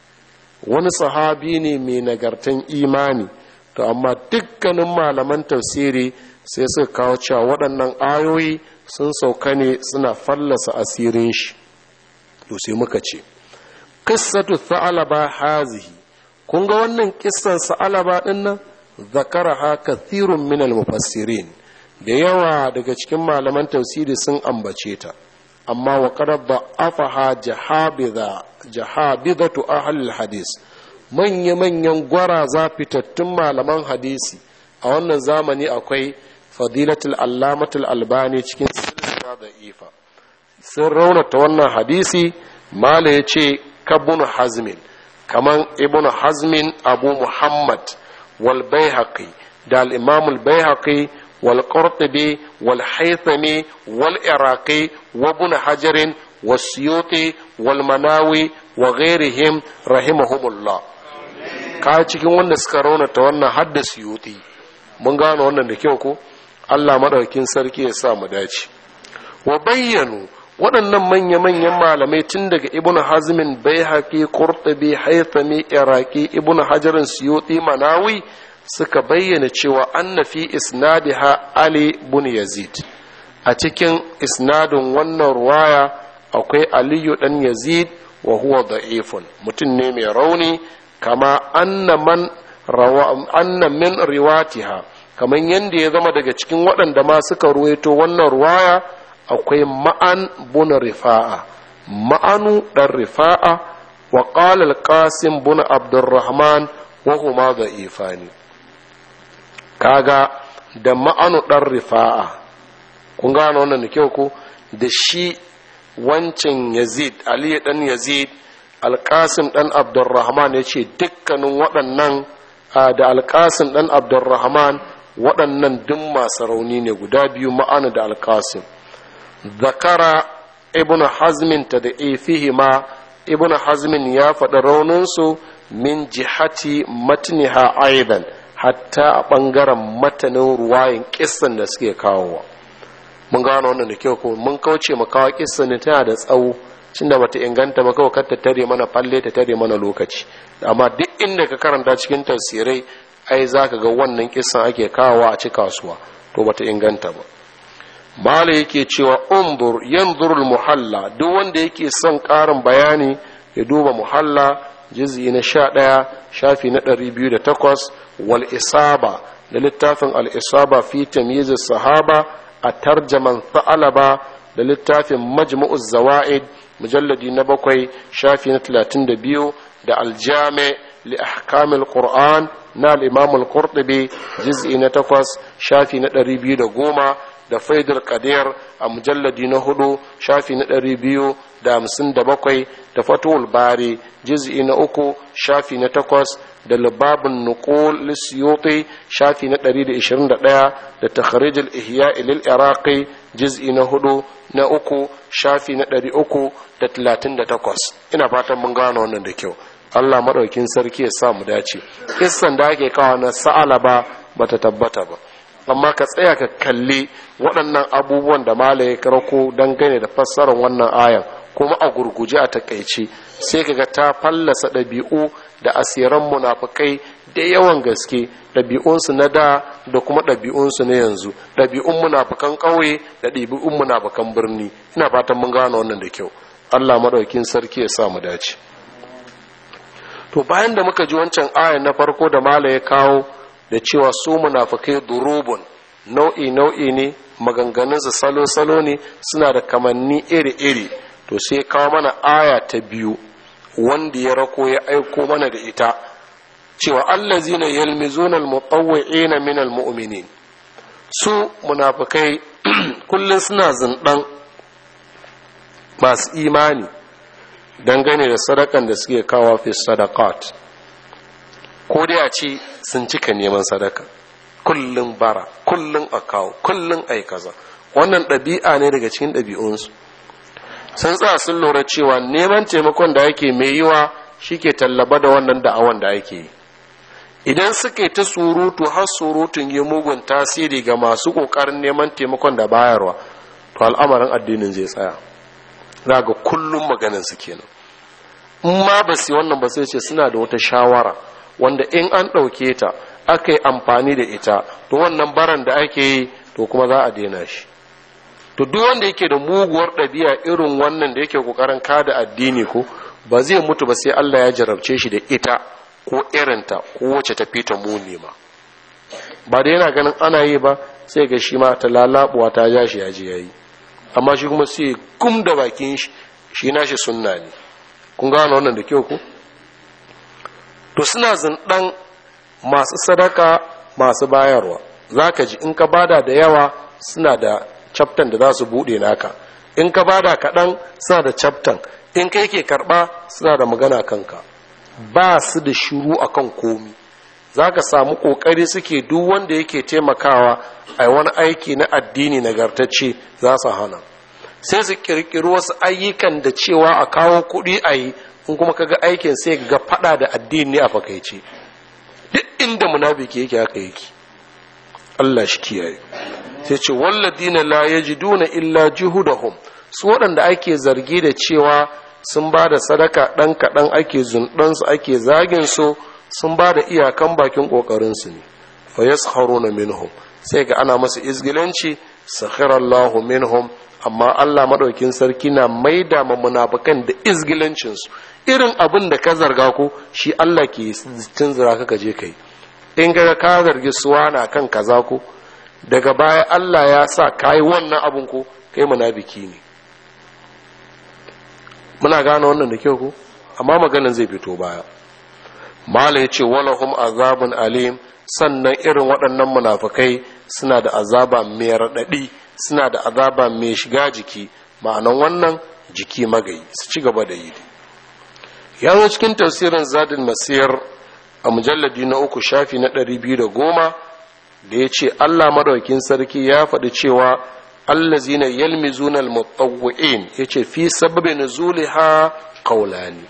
Speaker 1: wani sahabi ne mai nagartan imani to amma dukkanin malaman tafsiri sai suka kawo cewa waɗannan ayoyi sun sauka ne suna fallasa asirin shi to sai muka ce kissatu sa'alaba hazihi kun ga wannan kissan sa'alaba din nan zakaraha kathirun min mufassirin da yawa daga cikin malaman tafsiri sun ambace ta amma wa qarabba afaha jahabidha jahabidatu ahlul hadis manya-manyan gwaraza fitattun malaman hadisi a wannan zamani akwai fadilatul allamatul albani cikin silsila da ifa sun raunata wannan hadisi mala ya ce kabun hazmin kaman ibn hazmin abu muhammad wal da al'imamul bai wal والحيثمي wal وابن wal والسيوطي والمناوي وغيرهم رحمهم الله wal manawi wa ka cikin wanda suka rauna ta wannan hadda suyuti mun gano wannan da kyau ko Allah madaukin sarki ya sa mu dace wa bayyanu waɗannan manya-manyan malamai tun daga ibn hazmin bai haƙi ƙurtubi haifami iraki ibn hajarin siyoti manawi suka bayyana cewa anna fi isnadiha ali bin yazid a cikin isnadin wannan ruwaya akwai aliyu dan yazid wa huwa da'ifun mutum ne mai rauni kama anna man rawa anna min riwatiha kaman yanda ya zama daga cikin waɗanda ma suka ruwaito wannan ruwaya akwai ma'an bun rifa'a ma'anu dan rifa'a wa qala al-qasim bun abdurrahman wa huma da'ifani kaga da ma'anu ɗan rifa'a kun gano wannan da kyau ko da shi wancan yazid ali ɗan yazid alƙasim ɗan abdurrahman ya ce dukkanin waɗannan da alƙasim ɗan abdurrahman waɗannan duk masu rauni ne guda biyu ma'anu da alƙasim zakara ibn hazmin ta da ma ibn hazmin ya faɗi rauninsu min jihati matniha aidan hatta a ɓangaren matanin ruwayin ƙisan da suke kawowa mun gano wannan da kyau ko mun kauce mu kawo ne tana da tsawo cin da bata inganta ba kawai kar ta tare mana falle ta tare mana lokaci amma duk inda ka karanta cikin tafsirai ai za ka ga wannan kisan ake kawo a ci kasuwa to bata inganta ba mala yake cewa umbur yanzurul muhalla duk wanda yake son ƙarin bayani ya duba muhalla juz'i na sha ɗaya shafi na ɗari biyu da takwas wal isaba da littafin al isaba fi tamyizis sahaba a tarjaman sa'alaba da littafin majmu'uz zawa'id mujalladi na bakwai shafi na talatin da biyu da aljame li ahkamil qur'an na al-imam al-qurtubi juz'i na takwas shafi na ɗari biyu da goma da faidar kadir a mujalladi na hudu shafi na ɗari biyu da hamsin da bakwai da fatul bari juz'i na uku shafi na takwas da libabin nukul lissiyoti shafi na 121 da takhrij ihya ilil iraqi juz'i na hudu na uku shafi na 338 ina fatan mun gano wannan da kyau Allah maɗaukin sarki ya sa mu dace kissan da ake kawo na sa'ala ba ba ta tabbata ba amma ka tsaya ka kalli waɗannan abubuwan da malaye ya karko dangane da fassarar wannan ayan kuma a gurguje a takaice sai kaga ta fallasa ɗabi'u da asiran munafukai da yawan gaske ɗabi'unsu na da da kuma ɗabi'unsu na yanzu ɗabi'un munafukan ƙauye da ɗabi'un munafukan birni ina fatan mun gano wannan da kyau Allah maɗaukin sarki ya sa mu dace to bayan da muka ji wancan ayan na farko da mala ya kawo da cewa su munafukai durubun nau'i nau'i ne maganganunsu salo salo ne suna da kamanni iri iri to sai kawo mana aya ta biyu wanda ya rako ya aiko mana da ita cewa allazina yalmizuna almutawwi'ina min almu'minin su munafikai <clears throat> kullum suna zindan masu imani dangane da sadakan da suke kawo fi sadaqat ko dai a ce sun cika neman sadaka kullum bara kullum akawu, kullun kullum wannan ɗabi'a ne daga cikin ɗabi'unsu sun tsaya sun lura cewa neman taimakon da yake mai yiwa shi ke tallaba da wannan da'awan da ake yi idan suka ta surutu har surutun yi mugun tasiri ga masu ƙoƙarin neman taimakon da bayarwa to al'amarin addinin zai tsaya za ga kullum maganin su kenan in ma ba su wannan ba sai ce suna da wata shawara wanda in an ɗauke ta aka yi amfani da ita to wannan baran da ake yi to kuma za a daina shi to duk wanda yake da muguwar ɗabi'a irin wannan da yake kokarin kada addini ko ba zai mutu ba sai Allah ya jarabce shi da ita ko irinta ko wacce ta fita muni ma ba da yana ganin ana yi ba sai ga shi ma ta lalabuwa ta ja shi yaji yayi amma shi kuma sai kum da bakin shi shi nashi sunna ne kun ga wannan da kyau ko to suna zindan masu sadaka masu bayarwa zaka ji in ka bada da yawa suna da chapter da za su bude naka in ka bada kaɗan suna da chapter in kai ke karɓa suna da magana kanka ba su da shiru akan komi za ka samu ƙoƙari suke duk wanda yake taimakawa a wani aiki na addini nagartacce za su hana sai su ƙirƙiri wasu ayyukan da cewa a kawo kuɗi a yi in kuma ka ga aikin sai ga faɗa da addini a fakaice duk inda munafiki yake haka yake Allah shi kiyaye sai ce walladina la yajiduna illa juhudahum su waɗanda ake zargi da cewa sun ba da sadaka ɗan kaɗan ake zunɗansu ake zagin su sun ba da iyakan bakin ƙoƙarinsu ne fa yasharuna minhum sai ga ana masu izgilanci sakharallahu minhum amma Allah madaukin sarki na maida ma munafikan da izgilancin su irin abin da ka zarga ko shi Allah ke zira ka je kai in ga ka zargi suwa na kan kaza ko daga baya Allah ya sa yi wannan abin ko kai biki ne muna gane wannan da kyau ko amma maganin zai fito baya mala ya ce walahum azabun alim sannan irin waɗannan munafukai suna da azaba mai raɗaɗi suna da azaba mai shiga jiki ma'anan wannan jiki magayi su ci gaba da yi ya zo cikin tafsirin zadin masir a mujalladi na uku shafi na ɗari biyu da goma da ya ce Allah madaukin sarki ya faɗi cewa Allah allazina yalmizuna ya yace fi sababi nuzuliha qawlani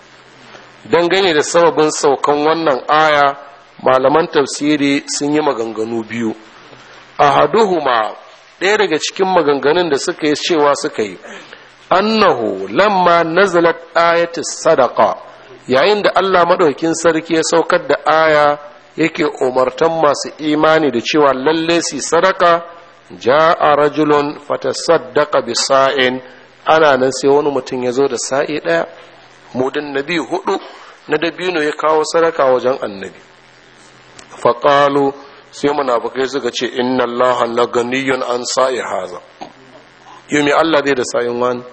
Speaker 1: dangane da sababin saukan wannan aya malaman tafsiri sun yi maganganu biyu ahaduhuma ɗaya daga cikin maganganun da suka yi cewa suka yi annahu lamma nazalat ayatu sadaka. yayin da Allah madaukin sarki ya saukar da aya yake umartan masu imani da cewa lalle su sadaka ja'a rajulun fatasaddaqa bi sa'in ana nan sai wani mutum ya zo da sa'i daya mudin nabi hudu na dabino ya kawo sadaka wajen annabi faqalu sai munafikai suka ce inna allaha laganiyun an sa'i haza yumi Allah zai da sa'in wani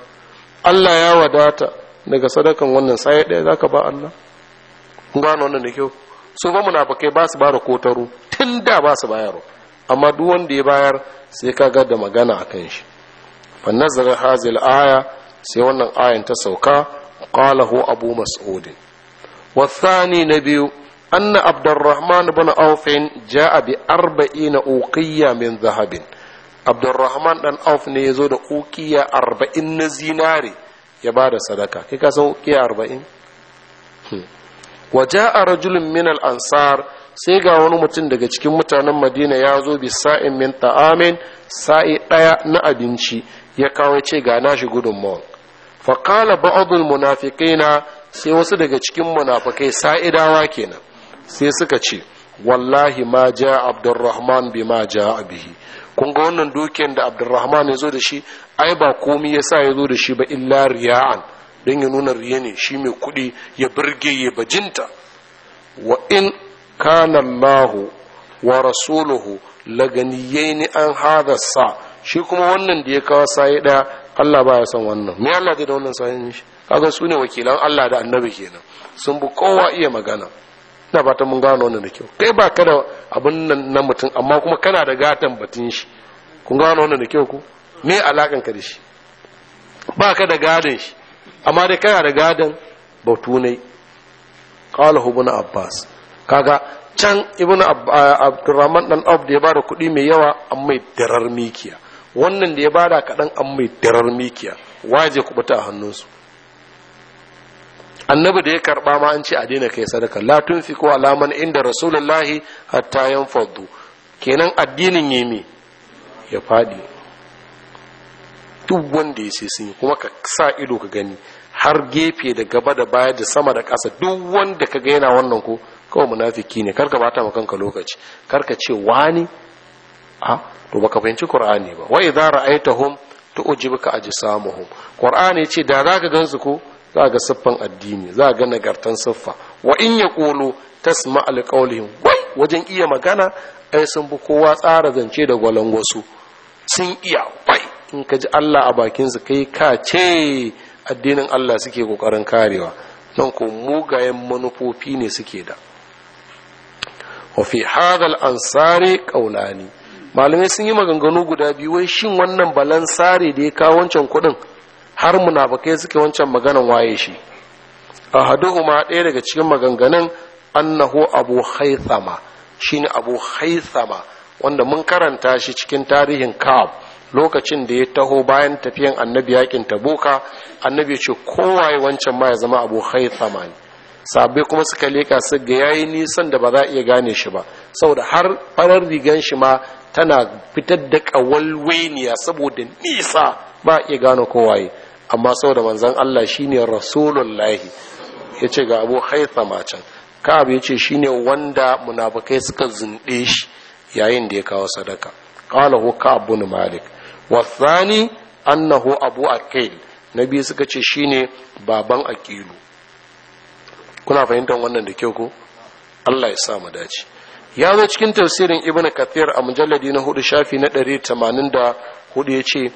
Speaker 1: Allah ya wadata daga sadakan wannan sa'i daya zaka ba Allah gano wannan da kyau su ba bakai ba su ba da kotaro tun da ba su bayarwa amma duk wanda ya bayar sai ka ga da magana a kan shi fa nazara hazil aya sai wannan ayan ta sauka qalahu abu mas'ud wa thani na biyu anna abdurrahman ibn auf ja'a bi 40 uqiyya min zahabin abdurrahman dan auf ne yazo da uqiyya 40 na zinare ya bada sadaka kai ka san uqiyya wa ja'a rajulun min ansar sai ga wani mutum daga cikin mutanen madina ya zo bi sa'in min ta'amin sa'i ɗaya na abinci ya kawo ce ga nashi gudunmawan faƙala munafikai munafiqina sai wasu daga cikin munafikai sa'idawa kenan sai suka ce wallahi ma ja abdurrahman bi ma ja bihi kun ga wannan dukiyar da abdurrahman ya zo da shi ai ba komi ya sa ya zo da shi ba illa riya'an don yi nuna riya ne shi mai kuɗi ya birge ya bajinta wa in kana Allahu wa rasuluhu laganiyaini an hada sa shi kuma wannan da ya kawo sayi ɗaya Allah ba ya son wannan me Allah da wannan sayin shi kaga su ne wakilan Allah da annabi kenan sun bu kowa iya magana ina ta mun gano wannan da kyau kai ba ka da abin nan na mutum amma kuma kana da gatan batun shi kun gano wannan da kyau ku me alakan ka da shi ba ka da gadon shi amma dai kana da gadon bautu ne qala ibn abbas kaga can ibn abdurrahman dan auf da ya bada kuɗi mai yawa an mai darar mikiya wannan da ya bada kaɗan an mai darar mikiya waje ku a hannunsu annabi da ya karɓa ma an ce a daina kai sadaka la tunfiqu ala man inda rasulullahi hatta yanfadu kenan addinin yemi ya fadi duk wanda ya sai sun kuma ka sa ido ka gani har gefe da gaba da baya da sama da ƙasa duk wanda ka ga yana wannan ko kawai munafiki ne karka bata ma kanka lokaci karka ce wani a to baka fahimci qur'ani ba wai za wa idza ra'aytahum tu'jibuka ajsamuhum qur'ani ce da zaka gansu ko za ga siffan addini za ga nagartan siffa wa in yaqulu tasma alqawlihim wai wajen iya magana ai sun bi kowa tsara zance da gwalangwasu sun iya wai in ka ji Allah a bakin su kai ka ce addinin Allah suke kokarin karewa nan ko mugayen manufofi ne suke da wa fi hadal ansari malamai sun yi maganganu guda biyu wai shin wannan balan sare da ya kawo wancan kuɗin har munafikai suke wancan maganan waye shi A kuma ɗaya daga cikin maganganun annahu abu haithama shine abu haithama wanda mun karanta shi cikin tarihin ka'ab lokacin da ya taho bayan tafiyan annabi yakin tabuka annabi ce kowaye wancan ma ya zama abu haithama ne sabai kuma suka leka su ga yayi nisan da ba za a iya gane shi ba saboda har farar rigan shi ma tana fitar da ƙawalweniya saboda nisa ba a iya gane kowaye amma saboda manzon Allah shine rasulullahi yace ga abu haithama can ka'ab yace shine wanda munafakai suka zunde shi yayin da ya kawo sadaka qala huwa ka'ab bin malik wasani annahu abu aqil na biyu suka ce shine baban akilu. kuna fahimtar wannan da kyau ko Allah ya sa mu dace ya zo cikin tafsirin ibn kathir a mujalladi na hudu shafi na 184 yace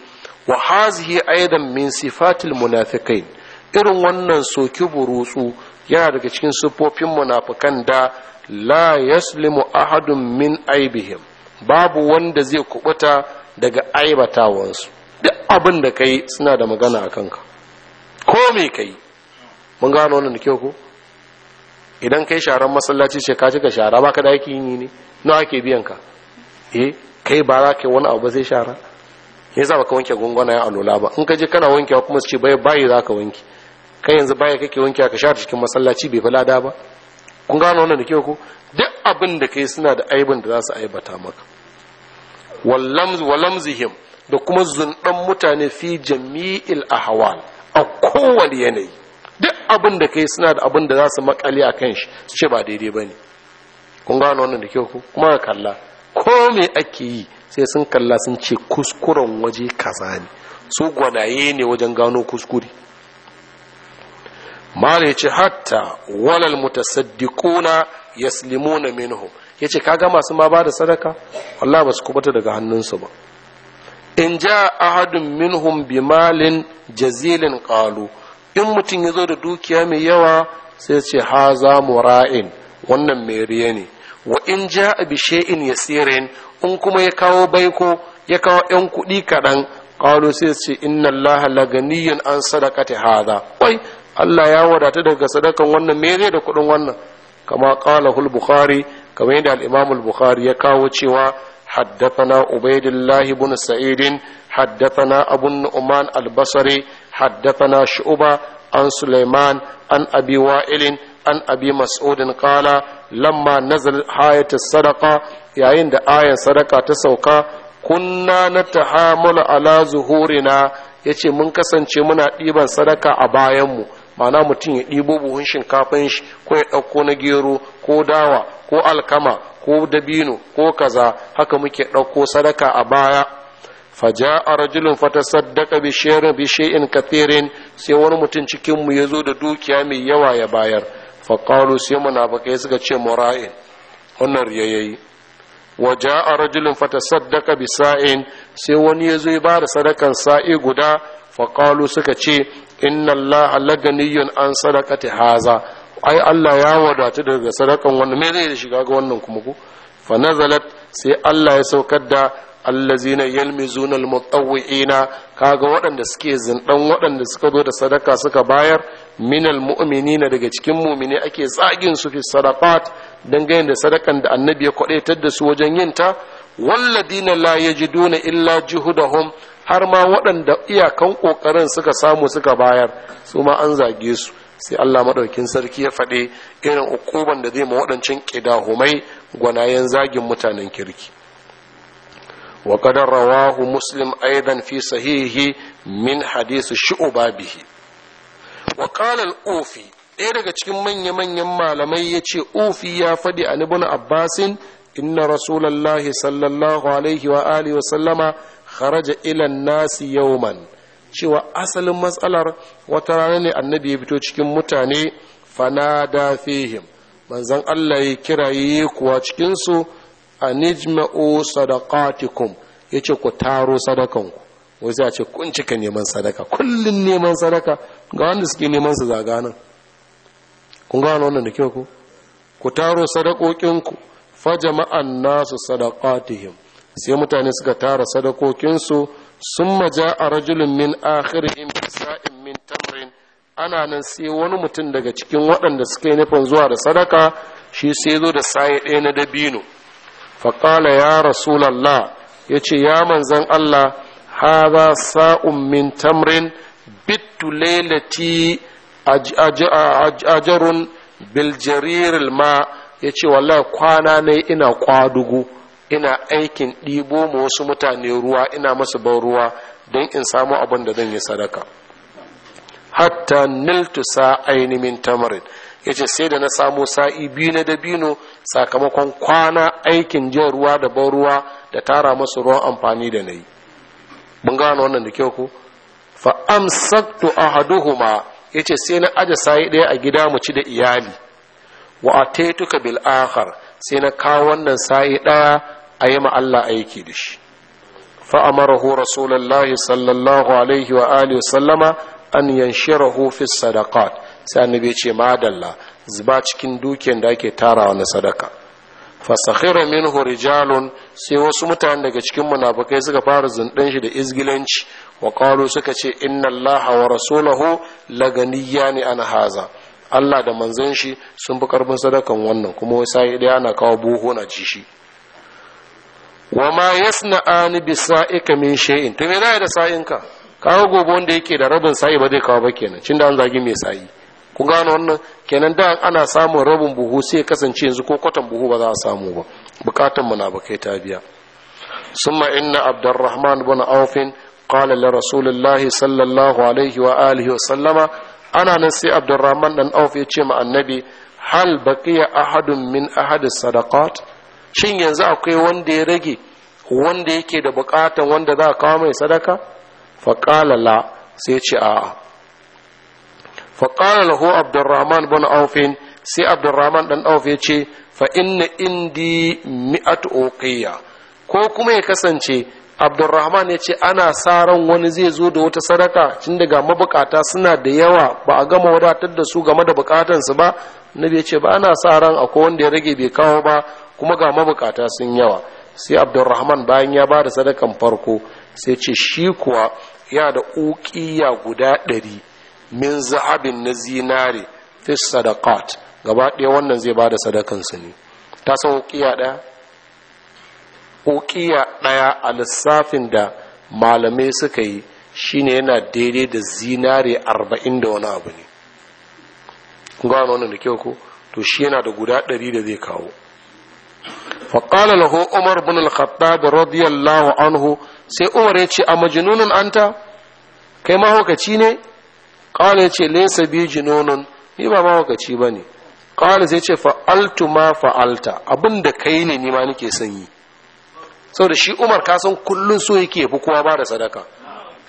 Speaker 1: wa hazihi aidan min sifatil munafiqin irin wannan soki burutsu yana daga cikin siffofin munafikan da la yaslimu ahadun min aibihim babu wanda zai kubuta daga aibatawansu duk abin da ka yi suna da magana a kanka ko me ka yi mun gano wani da kyau ko idan kai sharan masallaci ce ka cika shara ba ka da aikin yi ne nawa ake biyan ka eh kai ba za ka wani abu sai shara me za ka wanke gungona ya alola ba in ka je kana wanke kuma su ce bai bayi za ka wanke kai yanzu baya kake wanke ka shara cikin masallaci bai falada ba kun gano wani da kyau ko duk abin da yi suna da aibin da za su aibata maka walamzihim da kuma zunɗan mutane fi jami'il hawan a kowane yanayi duk abin da kai suna da abin da za su makali a kan shi su ce ba daidai ba ne kun gano wannan da kyau kuma ka kalla ko me ake yi sai sun kalla sun ce kuskuren waje kaza ne su gwanaye ne wajen gano kuskure Mara ya ce hatta walal mutasaddiquna yaslimuna minhum ya ce kaga masu ma ba da sadaka Walla ba su kubata daga hannunsu ba in ja ahadun minhum bi malin jazilin kalu, in mutum ya zo da dukiya mai yawa sai ce ha za mura'in wannan mai ne wa in ja in ya yasirin in kuma ya kawo baiko ya kawo yan kuɗi kaɗan Kalu sai ce inna laha laganiyan an sadaqati hadha wai Allah ya wadata daga sadakan wannan mai da kuɗin wannan kama hul bukhari kamar yadda al-Imam al-Bukhari ya kawo cewa حدثنا عبيد الله بن سعيد حدثنا أبو النعمان البصري حدثنا شعبة عن سليمان عن أبي وائل عن أبي مسعود قال لما نزل آية الصدقة يعين آية صدقة تسوكا كنا نتحامل على ظهورنا yace mun kasance muna ɗiban sadaka a bayanmu ma'ana mutum ya ɗibo buhun shinkafin shi ko ya ɗauko na gero ko dawa ko alkama ko dabino ko kaza haka muke ɗauko sadaka a baya a rajulun fatasaddaqa bi shay'in bi shay'in sai wani mutum cikin mu zo da dukiya mai yawa ya bayar fa qalu baka munafikai suka ce mura'in wannan riyayayi a rajulun fatasaddaqa bi sa'in sai wani ya zo ya ba da sadakan sa'i guda fa suka ce inna Allah laganiyun an sadaqati haza ai Allah ya wadatu daga sadakan wannan me zai shiga ga wannan kuma ko fa nazalat sai Allah ya saukar da allazina yalmizuna almutawwi'ina kaga waɗanda suke zindan waɗanda suka zo da sadaka suka bayar minal mu'minina daga cikin mu'mini ake tsagin su fi sadaqat dangane da sadakan da annabi ya kwadaitar da su wajen yin ta walladina la yajiduna illa juhudahum har ma waɗanda iyakan ƙoƙarin suka samu suka bayar su ma an zage su sai Allah maɗaukin sarki ya faɗe irin ukuban da zai ma waɗancan ƙidahumai gwanayen zagin mutanen kirki wa qadar rawahu muslim aidan fi sahihi min hadith shu'ba bihi wa qala al-ufi ɗaya daga cikin manya-manyan malamai ya ce ufi ya faɗi a ibn abbasin inna rasulallahi sallallahu alaihi wa alihi wa sallama kharaja ilan nasi yawman cewa asalin matsalar wata rana ne annabi ya fito cikin mutane fanada fihim manzon Allah ya kiraye kuwa cikin su anijma'u sadaqatikum yace ku taro sadakanku wai sai a ce kun cika neman sadaka kullun neman sadaka ga wanda suke neman su zaga nan kun ga wannan da kyau ku ku taro sadakokinku fa jama'an nasu sadaqatihim sai mutane suka tara sadakokinsu sun maja a rajulun min akhirihim sa'in min tamrin ana nan sai wani mutum daga cikin waɗanda suka yi nufin zuwa da sadaka shi sai zo da saye ɗaya na dabino faƙala ya rasulallah ya ce ya manzan allah haza sa'un min tamrin bittu lailati ajarun biljariril ma ya ce wallahi kwana ne ina kwadugu ina aikin ɗibo ma wasu mutane ruwa ina masu ban ruwa don in samu abin da zan yi sadaka hatta niltu sa'aini min tamarin ce sai da na samu sa'i biyu na dabino sakamakon kwana aikin jan ruwa da ban ruwa da tara masu ruwan amfani da yi. mun gano wannan da kyau ko fa amsaktu ahaduhuma ce sai na aje sa'i ɗaya a gida mu ci da iyali wa a bil akhar sai na kawo wannan sa'i ɗaya a yi Allah aiki da shi fa'amarahu rasulullahi sallallahu alaihi wa alihi sallama an yanshirahu fi sadaqat sai annabi ce madalla zuba cikin dukiyar da ake tarawa na sadaka fasakhira minhu rijalun sai wasu mutane daga cikin munafikai suka fara zundan shi da izgilanci wa qalu suka ce inna allaha wa rasulahu laganiyani an haza Allah da manzon shi sun fi karbin sadakan wannan kuma wai sai dai ana kawo buhu na ci shi wa ma yasna'ani bi sa'ika min shay'in to me zai da sa'inka kawo gobe wanda yake da rabin sa'i ba zai kawo ba kenan cin da an zagi mai sa'i ku gano wannan kenan da ana samun rabin buhu sai kasance yanzu ko kwatan buhu ba za a samu ba bukatan munafikai ta biya summa inna abdurrahman ibn aufin qala li rasulillah sallallahu alaihi wa alihi wa sallama ana nan sai abdurrahman dan auf ya ce ma annabi hal baqiya ahadun min ahadis sadaqat shin yanzu akwai wanda ya rage wanda yake da bukatan wanda za a kawo mai sadaka faƙala la sai ce a'a faƙala ho abdurrahman bin aufin sai abdurrahman dan auf ya ce fa inna indi mi'at uqiya ko kuma ya kasance abdurrahman ya ce ana sa ran wani zai zo da wata sadaka tun daga mabukata suna da yawa ba a gama wadatar da su game da bukatansu ba nabi ya ce ba ana sa ran akwai wanda ya rage bai kawo ba kuma ga mabukata sun yawa sai abdurrahman bayan ya ba da sadakan farko sai ce shi kuwa ya da ukiya guda ɗari min zaabin na zinare fi sadakat gaba ɗaya wannan zai ba da sadakansu ne ta san ukiya ɗaya ukiya ɗaya a lissafin da malamai suka yi shine yana daidai da zinare arba'in da wani abu ne gano wannan da kyau ko to shi yana da guda ɗari da zai kawo faƙala lahu umar bin al-khattab radiyallahu anhu sai umar ya ce a majnunun anta kai mahaukaci ne ƙala ya ce laysa bi jununun ni ba mahaukaci bane ƙala sai ce fa'altu ma fa'alta abin da kai ne ni ma nake son yi saboda shi umar kasan kullum so yake fi kowa bada sadaka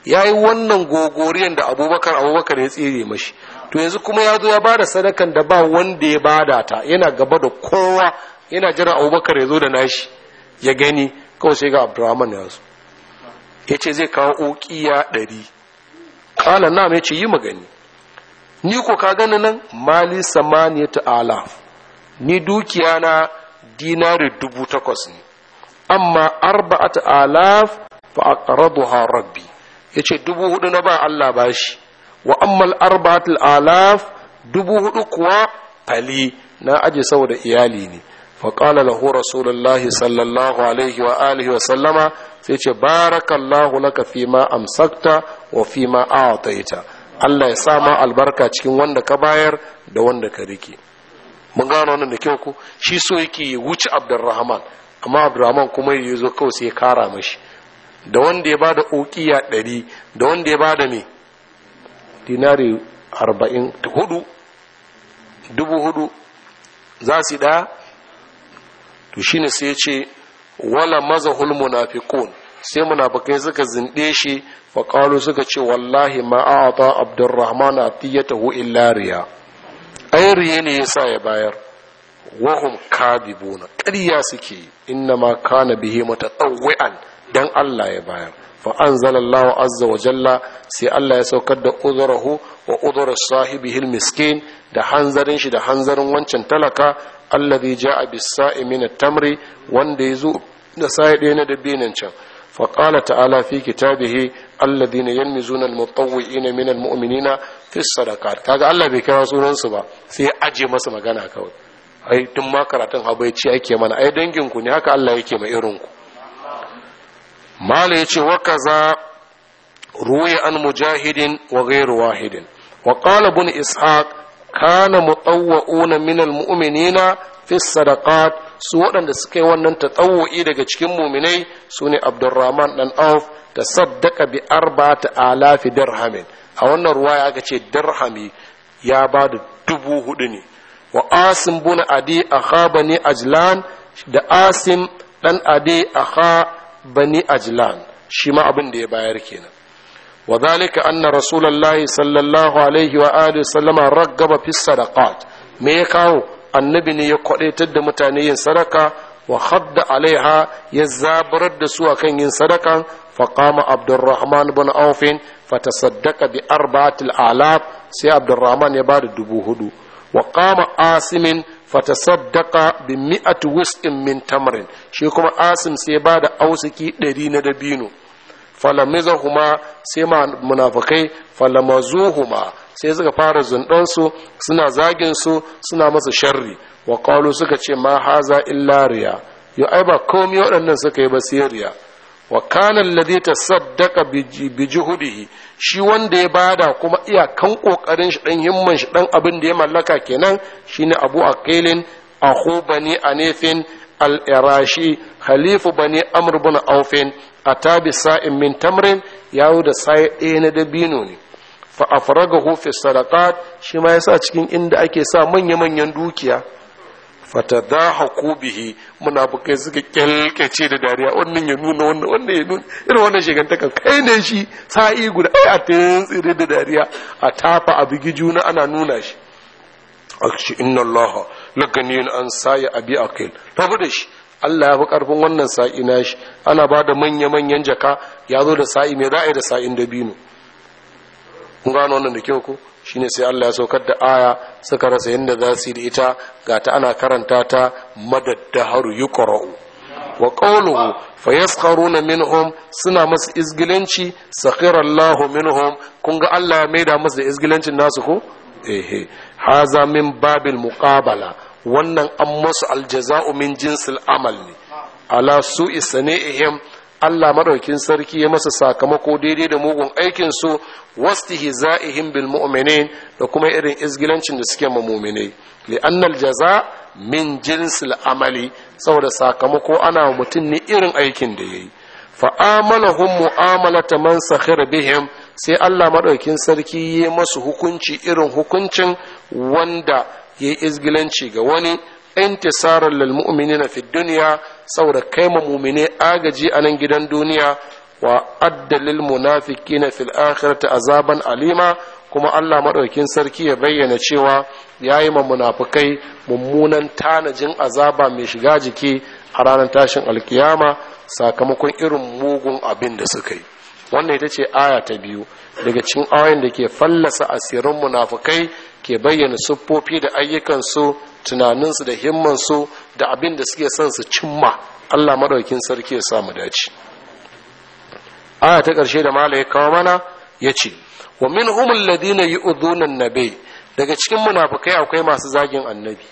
Speaker 1: ya yi wannan gogoriyan da abubakar abubakar ya tsere mashi to yanzu kuma ya zo ya bada sadakan da ba wanda ya bada ta yana gaba da kowa yana jira abubakar ya zo da nashi ya gani kawai sai ga abdurrahman ya zo ya ce zai kawo ya ɗari ƙala na mai ce yi magani ni ko ka gani nan mali samaniya ta ni dukiya na dinari dubu takwas ne amma arba'at ta'ala fa a aqraduha rabbi ce dubu hudu na ba Allah bashi wa ammal ta alaf dubu hudu kuwa ali na aje saboda iyali ne faƙala lahu rasulullahi sallallahu alaihi wa alihi wa sallama sai ce barakallahu laka fima ma amsakta wa fi ta a'ataita Allah ya sama albarka cikin wanda ka bayar da wanda ka rike mun gano wannan da kyau ko shi so yake wuce Abdulrahman amma Abdulrahman kuma ya zo kawai sai ya kara mashi da wanda ya bada ukiya ɗari da wanda ya bada me dinari arba'in hudu dubu hudu za su ɗaya to shine sai ce wala mazahul munafiqun sai munafikai suka zinde shi fa suka ce wallahi ma a'ata abdurrahman atiyatahu illa riya ai riya ne yasa ya bayar wahum kadibuna ƙarya suke inna ma kana bihi mutatawwi'an dan Allah ya bayar fa zalallahu azza wa jalla sai Allah ya saukar da uzurahu wa sahibi sahibihi miskin da hanzarin shi da hanzarin wancan talaka allazi ja'a bis-sa'i min at-tamri wanda yazo da sai ɗaya na dabinan can fa qala ta'ala fi kitabihi alladhina yanmizuna al-mutawwi'ina min al-mu'minina fi sadaqat kaga Allah bai kira sunan su ba sai aje masa magana kawai ai tun ma karatun habai ake mana ai dangin ku ne haka Allah yake ma irin ku mala yace wa kaza ruwi an mujahidin wa ghairu wahidin wa qala ibn ishaq kana mutawwa'una minal mu'minina fi sadaqat su waɗanda suka yi wannan tatawu'i daga cikin muminai su ne abdurrahman dan auf ta saddaka bi arba'ati alafi dirhamin a wannan ruwaya aka ce dirhami ya ba da dubu hudu ne wa asim bin adi akha bani ajlan da asim dan adi akha bani ajlan shi ma abin da ya bayar kenan wa zalika anna rasulullahi sallallahu alaihi wa alihi sallama raggaba fi sadaqat me ya kawo annabi ne ya kwadaitar da mutane yin sadaka wa khadda alaiha ya zabarar da su akan yin sadakan فقام عبد الرحمن بن عوف فتصدق بأربعة الآلاف سي عبد الرحمن يبار دبوهدو وقام عاصم فتصدق بمئة وسق من تمر شيكم bada ausaki أوسكي na دبينو falamizahuma sai ma munafikai falamazuhuma sai suka fara zundansu suna zagin su suna masa sharri wa qalu suka ce ma haza illa riya yo ai ba komai waɗannan suka yi ba siriya Ladita wa kana alladhi tasaddaqa shi wanda ya bada kuma iyakan kokarin shi dan himman shi dan abin da ya mallaka kenan shine Abu Aqilin akhu bani Anifin al-Irashi khalifu bani Amr bin Aufin a tabi sa'in min tamrin yawo da sa'i ɗaya na dabino ne fa a faraga hufi sadakat shi ma yasa cikin inda ake sa manya-manyan dukiya fata za haku bihi muna bukai suka kyalkace da dariya wannan ya nuna wannan wannan ya nuna irin wannan shigantakan kai ne shi sa'i guda ai a tsire da dariya a tafa a bigi juna ana nuna shi akshi inna allaha laganiyin an saya abi akil rabu da shi Allah ya fi ƙarfin wannan sa'i na shi ana ba da manya-manyan jaka ya zo da sa'i mai za’i da sa'in da binu kun gano wannan da kyau ku? Shi ne sai Allah ya saukar da aya suka rasa yadda za su yi da ita ga ta ana karanta ta yi yuqra'u wa qawluhu fa na minhum suna masu izgilanci sakhira Allah minhum kun ga Allah ya maida masu da izgilancin nasu ko ehe haza min babil muqabala wannan an masu aljaza'u min jinsil amal ne ala ne ihim Allah maɗaukin sarki ya masa sakamako daidai da mugun aikin su wastihza'ihim bil mu'minin da kuma irin izgilancin da suke ma mu'minai li an aljaza min jinsil amali saboda sakamako ana mutum ne irin aikin da yayi yi fa'amalahun mu'amalata man sakhir bihim sai Allah maɗaukin sarki ya masu hukunci irin hukuncin wanda ya yi izgilanci ga wani intisarar lalmu'mini na duniya saboda kai ma mumine agaji a nan gidan duniya wa addalil munafiki na fil azaban alima kuma Allah maɗaukin sarki ya bayyana cewa ya yi ma munafukai mummunan tanajin azaba mai shiga jiki a ranar tashin alkiyama sakamakon irin mugun abin da suka yi wannan ita ce aya ta biyu daga cikin ayoyin da ke fallasa asirin munafukai ke bayyana siffofi da ayyukansu tunaninsu da himmansu da abin da suke son su cimma allah maɗaukin sarki ya samu dace aya ta ƙarshe da mala ya kawo mana ya ce wa min yi ladina yu'dhuna nabi daga cikin munafukai akwai masu zagin annabi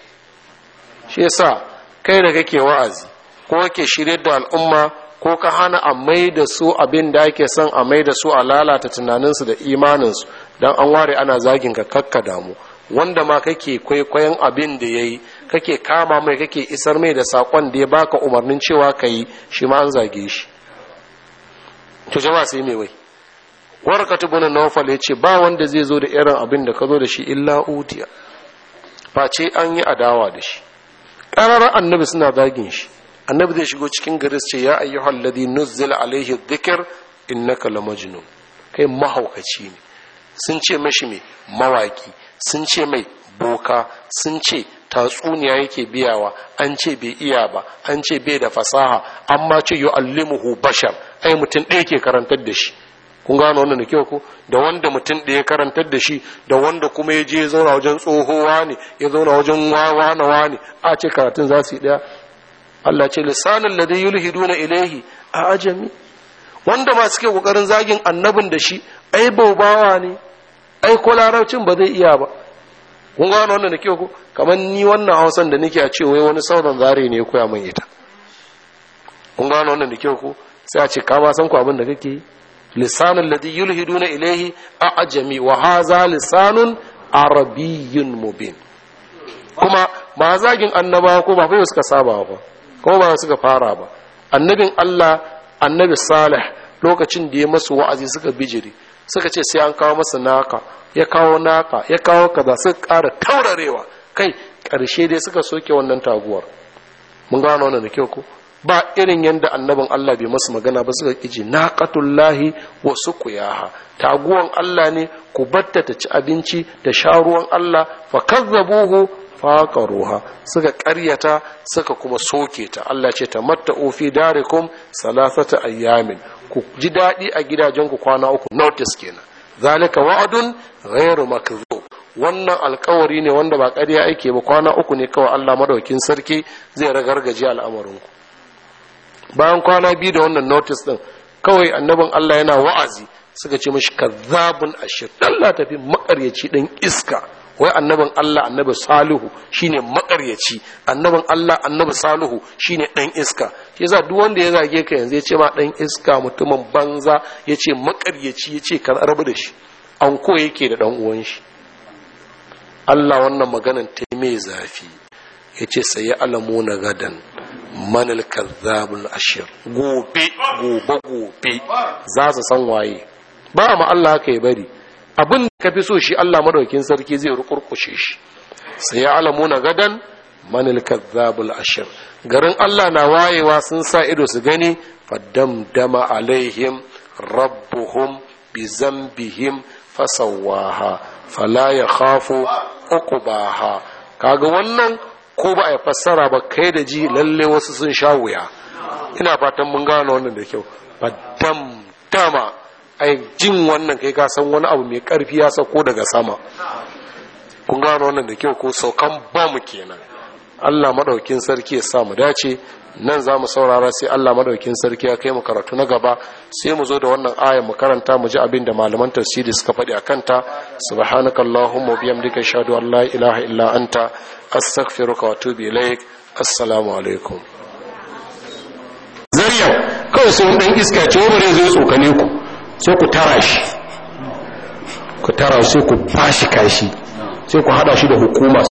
Speaker 1: shi yasa kai da kake wa'azi ko kake shirye da al'umma ko ka hana a mai da su abin da ake son a mai da su a lalata tunaninsu da imaninsu don an ware ana zagin ka kakka damu wanda ma kake kwaikwayon abin da ya yi kake kama mai kake isar mai da sakon da ya baka umarnin cewa ka yi shi ma an zage shi to jama sai mai wai warka tubunan naufal ya ce ba wanda zai zo da irin abin da ka zo da shi illa utiya face an yi adawa da shi ƙararar annabi suna zagin shi annabi zai shigo cikin gari ce ya ayyuhal ladhi nuzzila alaihi dhikr innaka lamajnun kai mahaukaci ne sun ce mashi mai mawaki sun ce mai boka sun ce tatsuniya yake biyawa an ce bai iya ba an ce bai da fasaha amma ce yu'allimuhu bashar ai mutum ɗaya ke karantar da shi kun gano wannan da kyau ko da wanda mutum ɗaya karantar da shi da wanda kuma ya je ya zauna wajen tsohowa ne ya zauna wajen wawa na wani a ce karatun za su yi ɗaya Allah ce lisanin ladai yulhiduna ilaihi a ajami wanda ba suke kokarin zagin annabin da shi ai baubawa ne ai ko ba zai iya ba kun gano wannan da ku kamar ni wannan hausan da nake a ce wai wani sauran zare ne ya koya min ita kun gano wannan da ku sai a ce ka ba san ku abin da kake yi lisanun ladhi yulhiduna ilayhi a'jami wa hadha lisanun arabiyyun mubin kuma ba zagin annabawa ko ba fa suka saba ba kuma ba suka fara ba annabin Allah annabi Salih lokacin da ya masu wa'azi suka bijiri suka ce sai an kawo masa naka ya kawo naka ya kawo kaza suka ƙara taurarewa kai ƙarshe dai suka soke wannan taguwar mun gano wannan da kyau ko ba irin yadda annabin Allah bai masu magana ba suka kiji naqatullahi wa suqiyaha taguwan Allah ne ku batta ta ci abinci da sha ruwan Allah fa kazzabuhu ruha suka ƙaryata suka kuma soke ta Allah ce ta tamatta'u fi darikum salasata ayyamin ku ji daɗi a gidajen ku kwana uku notice kenan zalika wa'adun ghairu makdhub wannan alkawari ne wanda ba ƙarya ake ba kwana uku ne kawai Allah madaukin sarki zai ragargaje ku. bayan kwana biyu da wannan notice din kawai annabin Allah yana wa'azi suka ce mishi kazzabun ashir Allah tafi makaryaci dan iska wai annabin Allah annabi Salihu shine makaryaci annabin Allah annabi Salihu shine dan iska shi yasa duk wanda ya zage ka yanzu ya ce ma dan iska mutumin banza ya ce makaryaci ya ce kan rabu da shi an ko yake da dan uwan shi Allah wannan maganan ta mai zafi ya ce sai ya alamu na gadan manal kazzabul ashir gobe gobe gobe za su san waye ba ma Allah haka ya bari abin da ka fi so shi Allah madaukin sarki zai rukurkushe shi sai ya alamu na gadan manil kazzabul ashir garin Allah na wayewa sun sa ido su gani faddamdama alaihim rabbuhum bi zambihim fasawaha fala ya khafu uqbaha kaga wannan ko ba a fassara ba kai da ji lalle wasu sun sha wuya ina fatan mun gano wannan da kyau faddamdama ai jin wannan kai ka san wani abu mai karfi ya sauko daga sama kun gano wannan da kyau ko saukan bamu kenan Allah madaukin sarki ya sa mu dace nan za mu saurara sai Allah madaukin sarki ya kai mu karatu na gaba sai mu zo da wannan ayar mu karanta mu ji abin da malaman tafsiri suka faɗi akan ta subhanakallahumma bihamdika ashhadu an la ilaha illa anta astaghfiruka wa atubu ilaik assalamu alaikum zariya kawai sun dan iska ce wurin zai tsokane ku sai ku tara shi ku tara sai ku fashi kashi sai ku hada shi da hukuma